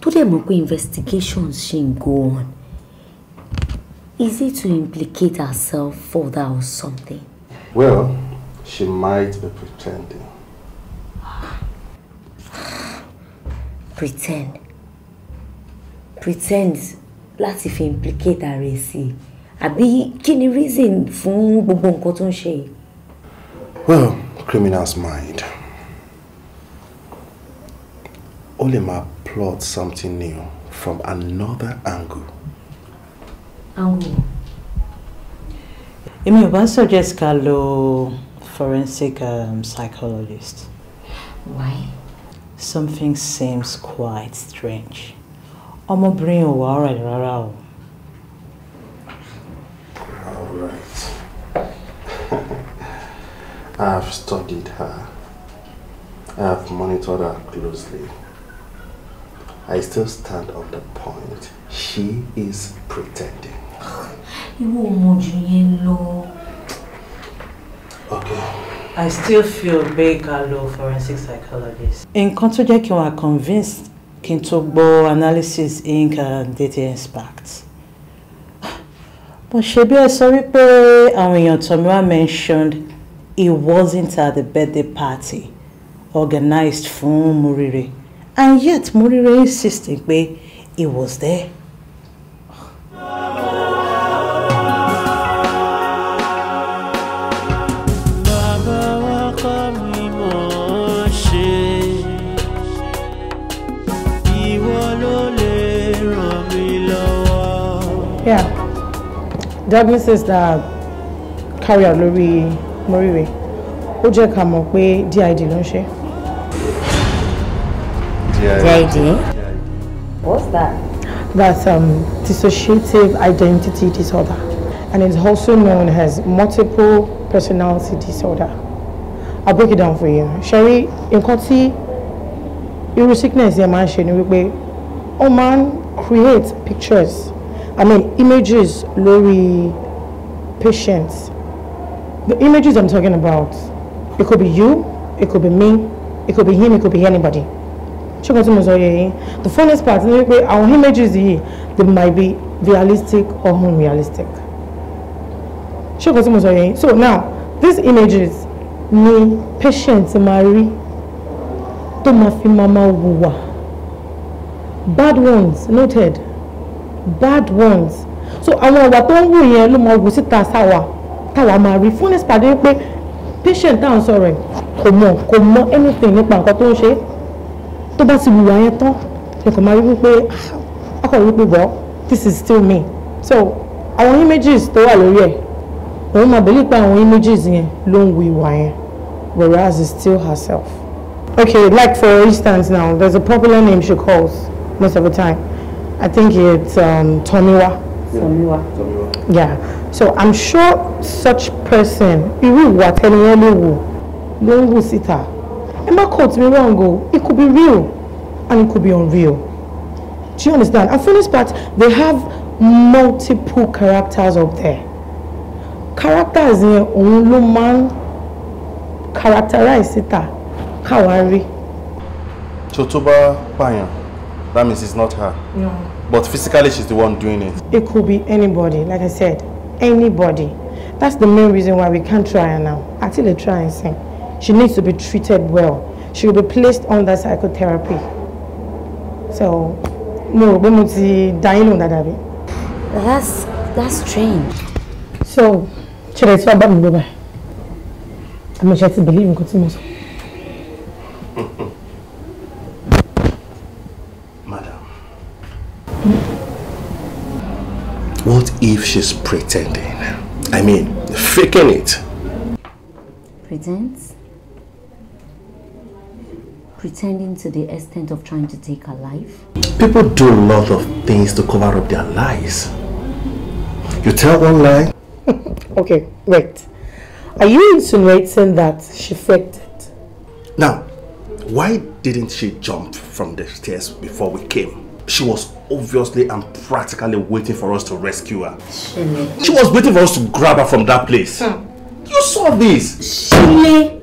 tó dẹ̀ mọ̀ pé investigations ṣì ń go on. Is it to implicate ourselves further or something? Well, she might be pretending. Pretend. Pretend láti fi implicate ara ẹ̀ sí i. Àbí kí ni reason fún gbogbo nǹkan tó ń ṣe Well, criminal's mind. Ó lè máa plot something new from another angle. Angle èmi ò bá suggest ká lo forensic um, psychologist. why. something seems quite strange. ọmọbìnrin ò wá ọ̀rọ̀ rárá o. all right i have studied her i have monitored her closely. I still stand on the point. She is pretending. ìwọ ọmọ yẹn lọ. I still feel Baker lo forensic psychologist. Nǹkan tó jẹ́ kí n wà convinced kí n tó gbọ́ analysis ink and data impact. Mo ṣe bí ẹ sọ wípé àwọn èèyàn Tomiwa mentioned he wasn't at the birthday party organized fún Murire and yet Murire insisted pé he was there. diagnosis that carry out lórí Moriwe ó jẹ́ ká mọ̀ pé DID ló ń ṣe. DID? What's that? That's um, dissociative identity disorder and it's also known as multiple personality disorder. I break it down for you. Sherry, nǹkan tí irú sickness yẹn máa ń ṣe ni wípé ó máa ń create pictures I mean, images, lorry, patients. The images I'm talking about, it could be you, it could be me, it could be him, it could be anybody. The funniest part is that our images here, they might be realistic or unrealistic. So now, these images, me, patients, Mary, to my mama, bad ones, noted. bad ones so àwọn ìwà tó ń wù yẹn ló mọ wù síta sáwà táwa máa rí fún nípàdé pé patient tá à ń sọ̀rọ̀ ẹ̀ kò mọ̀ kò mọ̀ anything nípa nǹkan tó ń ṣe tó bá ti wùwà yẹn tán nǹkan máa rí wípé ah, ọkọ̀ wípé bọ́ this is still me so àwọn images tó wà lórí ẹ̀ òun máa bẹ̀lí pé àwọn images yẹn ló ń wu ìwà yẹn whereas it's still herself. okay like for instance now there's a popular name she calls most of the time I think it's um, Tomiwa. Tomiwa. Tomiwa. Yeah. So I'm sure such person, even what tẹniyẹn lè wò ló ń wù síta. Ẹ quote me wrong o, it could be real and it could be unreal. Do you understand? And for this part, they have multiple characters up there. Characters in òun ló máa ń characterize síta káwa rí. Tó tó That means it's not her. No. But physically, she's the one doing it. It could be anybody, like I said, anybody. That's the main reason why we can't try her now. Until they try and sing. She needs to be treated well. She will be placed under psychotherapy. So, no, we must dying on that. That's that's strange. So, should I talk about me? I'm not sure to believe in continuous. she's pretending. I mean, faking it. Pretends? Pretending to the extent of trying to take her life? People do a lot of things to cover up their lies. You tell one lie. okay, wait. Are you insinuating that she faked it? Now, why didn't she jump from the stairs before we came? she was obviously and practically waiting for us to rescue her. Shile. She was waiting for us to grab her from that place. Hmm. You saw this. Shile.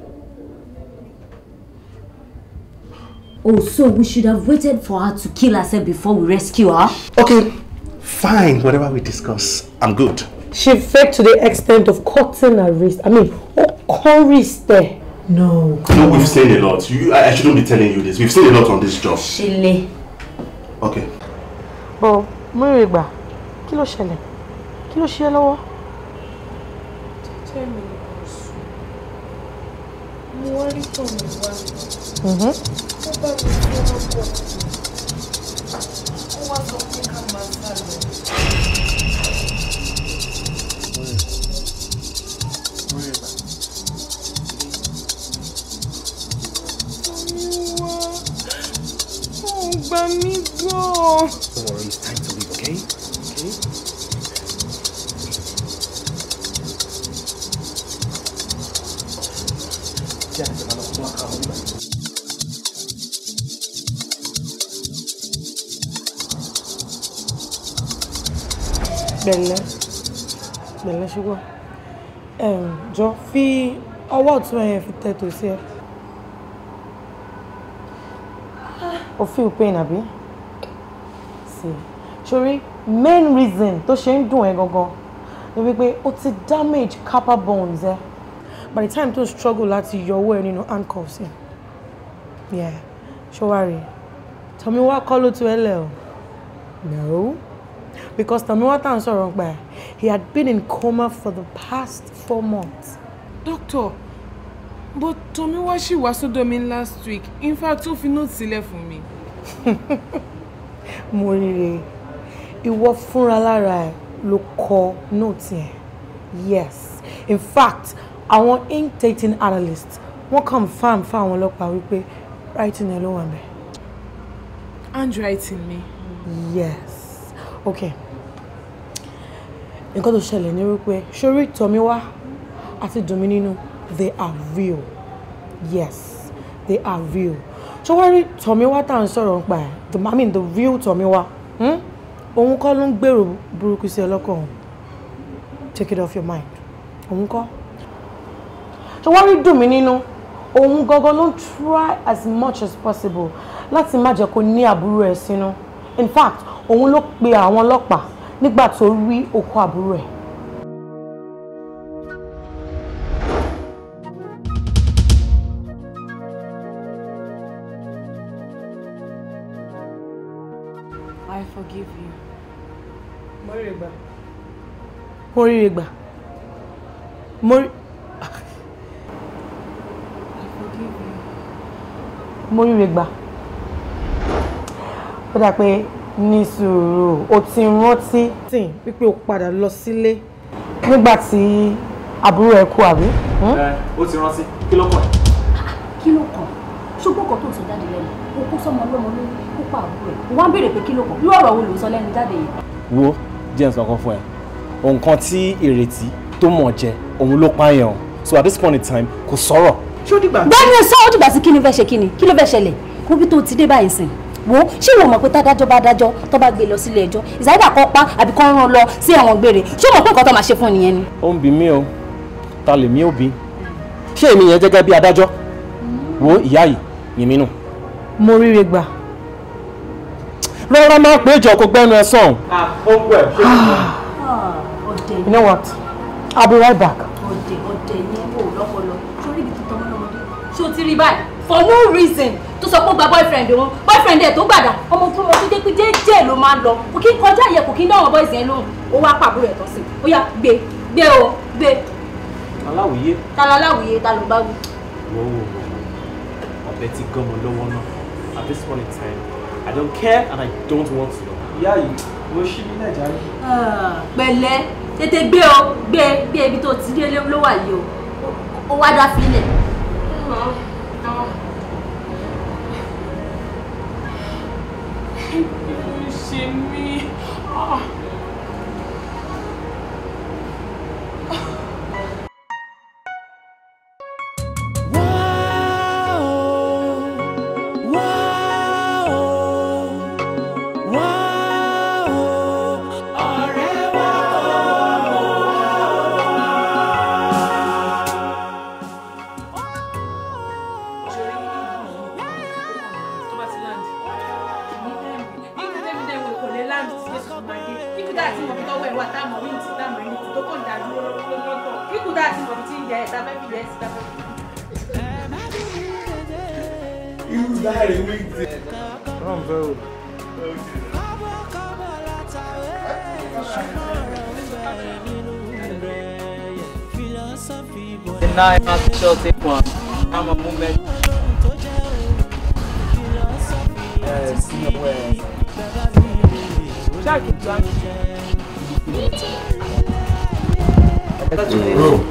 Oh, so we should have waited for her to kill herself before we rescue her? Okay, fine. Whatever we discuss, I'm good. She fed to the extent of cutting her wrist. I mean, oh, her there. No. No, we've seen a lot. You, I, I shouldn't be telling you this. We've seen a lot on this job. Shile. ok. bọ múrò ìgbà kí ló ṣẹlẹ̀ kí ló ṣe é lọ́wọ́. jẹ́jẹ́ mi kò sùn mo wá rí tọ̀ mi mm-hmm. ó bá mi gbé lọ́pọ̀ ó wá sọ pé ká máa sá lọ. gbà mí it's time to leave, okay? Okay. Jẹ́ àti ìbálò fún àkàrà nígbà tí. Pẹ̀lẹ́, pẹ̀lẹ́ ṣùgbọ́n, fi ọwọ́ ọ̀tún ẹ̀yẹ fi tẹ̀ tòsí ẹ. o feel pain àbí See, sorry. main reason tó ṣe ń dùn ẹ́ gangan ni wípé o ti damage carpal bones ẹ by the time to struggle láti yọ owó ẹ nínú handcuffs ẹ yeah ṣọwárì tọmíwá kọ́ ló tu ẹ lẹ̀ o no because tọmíwá tá à ń sọ̀rọ̀ ń he had been in coma for the past four months doctor but Tomiwa ṣì wá sọ́dọ̀ mi last week in fact ó fi note sílẹ̀ fún mi. mo rire ìwọ fúnra lára ẹ ló kọ note yẹn yes in fact àwọn intaking analyst wọ́n confam fáwọn ọlọ́pàá wípé writing ẹ ló wà mẹ́. handwriting mi. yes okay nǹkan tó ṣẹlẹ̀ ní wípé ṣorí Tomiwa àti Dùnmí nínú they are real yes they are real So worry rí Tomiwa tá à ń sọ̀rọ̀ pa ẹ̀ I mean the real Tomiwa hmm? òun kọ́ ló ń gbèrò burúkú sí ọlọ́kọ̀ take it off your mind òun kọ́ So worry rí dùn mí nínú òun gangan ló ń try as much as possible láti má jẹ́ kó ní àbúrò ẹ̀ sínú in fact òun ló pe àwọn ọlọ́pàá nígbà tó rí òkú àbúrò ẹ̀. mo ríre gbà mo rí. mo ríre gbà ó dà pé ní sùúrù o ti rántí tì wípé o padà lọ sílé nígbà tí àbúrò ẹ kú àbí. Hm? ẹ ó ti rántí kí ló kàn. kí ló kàn ṣùgbọ́n kan tó ti jáde lẹ́nu o kó sọmọ ọlọ́mọ lórí kó pa àbúrò ẹ o wá ń béèrè pé kí ló kàn irú ọ̀rọ̀ wo ló sọ lẹ́nu jáde yìí. wo james kankan fún ẹ nǹkan tí ìrètí tó mọ̀ jẹ òun ló pààyàn so at this point in time kò sọ̀rọ̀. ṣé ó dìgbà. gbẹ́ni ẹ sọ ó dìgbà sí kí ni fẹ́ ṣe kí ni kí ló fẹ́ ṣẹlẹ̀ wọ́n bí tó ti dé báyìí sìn wo ṣé ìwọ mọ̀ pé tádájọ́ bá dájọ́ tó bá gbé lọ sílé ẹjọ́ ìsáyédà kan pa àbí kan rán lọ sí ẹ̀wọ̀n gbére ṣé o mọ̀ pé nǹkan tó máa ṣe fún nìyẹn ni. ó ń bi mí o ta lè mí ò bí ṣé èmi yẹn gẹ́gẹ́ bí adájọ́ mm-hmm. wo ìyá yìí yìnbí nù. mo ríre gbà. rọra máa ń péjọ kó gbẹ́nu ẹ sọ̀hún. Ah, ó ń gbọ́ ẹ̀ ṣé kò You know what? I'll be right back. Ọ̀dẹ̀ ọ̀dẹ̀ ni For no reason tó sọ pé ó gba boyfriend wọn. Boyfriend ẹ̀ tó gbàdá. Ọmọ tó lọ tó jẹ́ pé jẹ́jẹ́ ló máa ń lọ. Kò kí kọjá ìyẹn kò kí ń dáwọn boys yẹn lóhùn. Ó wá pàbó rẹ̀ tọ́sí. Ó yá gbé gbé o gbé. Aláwòye. Tala aláwòye ta ló bá whoa, whoa. wò wò ọ̀bẹ ti gán mọ lọ́wọ́ náà. At this point in time, I don't care and I don't want to. Yeah, you. Ìyá yìí, be there, ní Ah, Belle tètè gbé o gbé gbé ibi tó ti délé ló wà yìí o ó wá dá sílẹ̀. ṣe short one. I'm a moment. Yes, no way. Check it, Bro.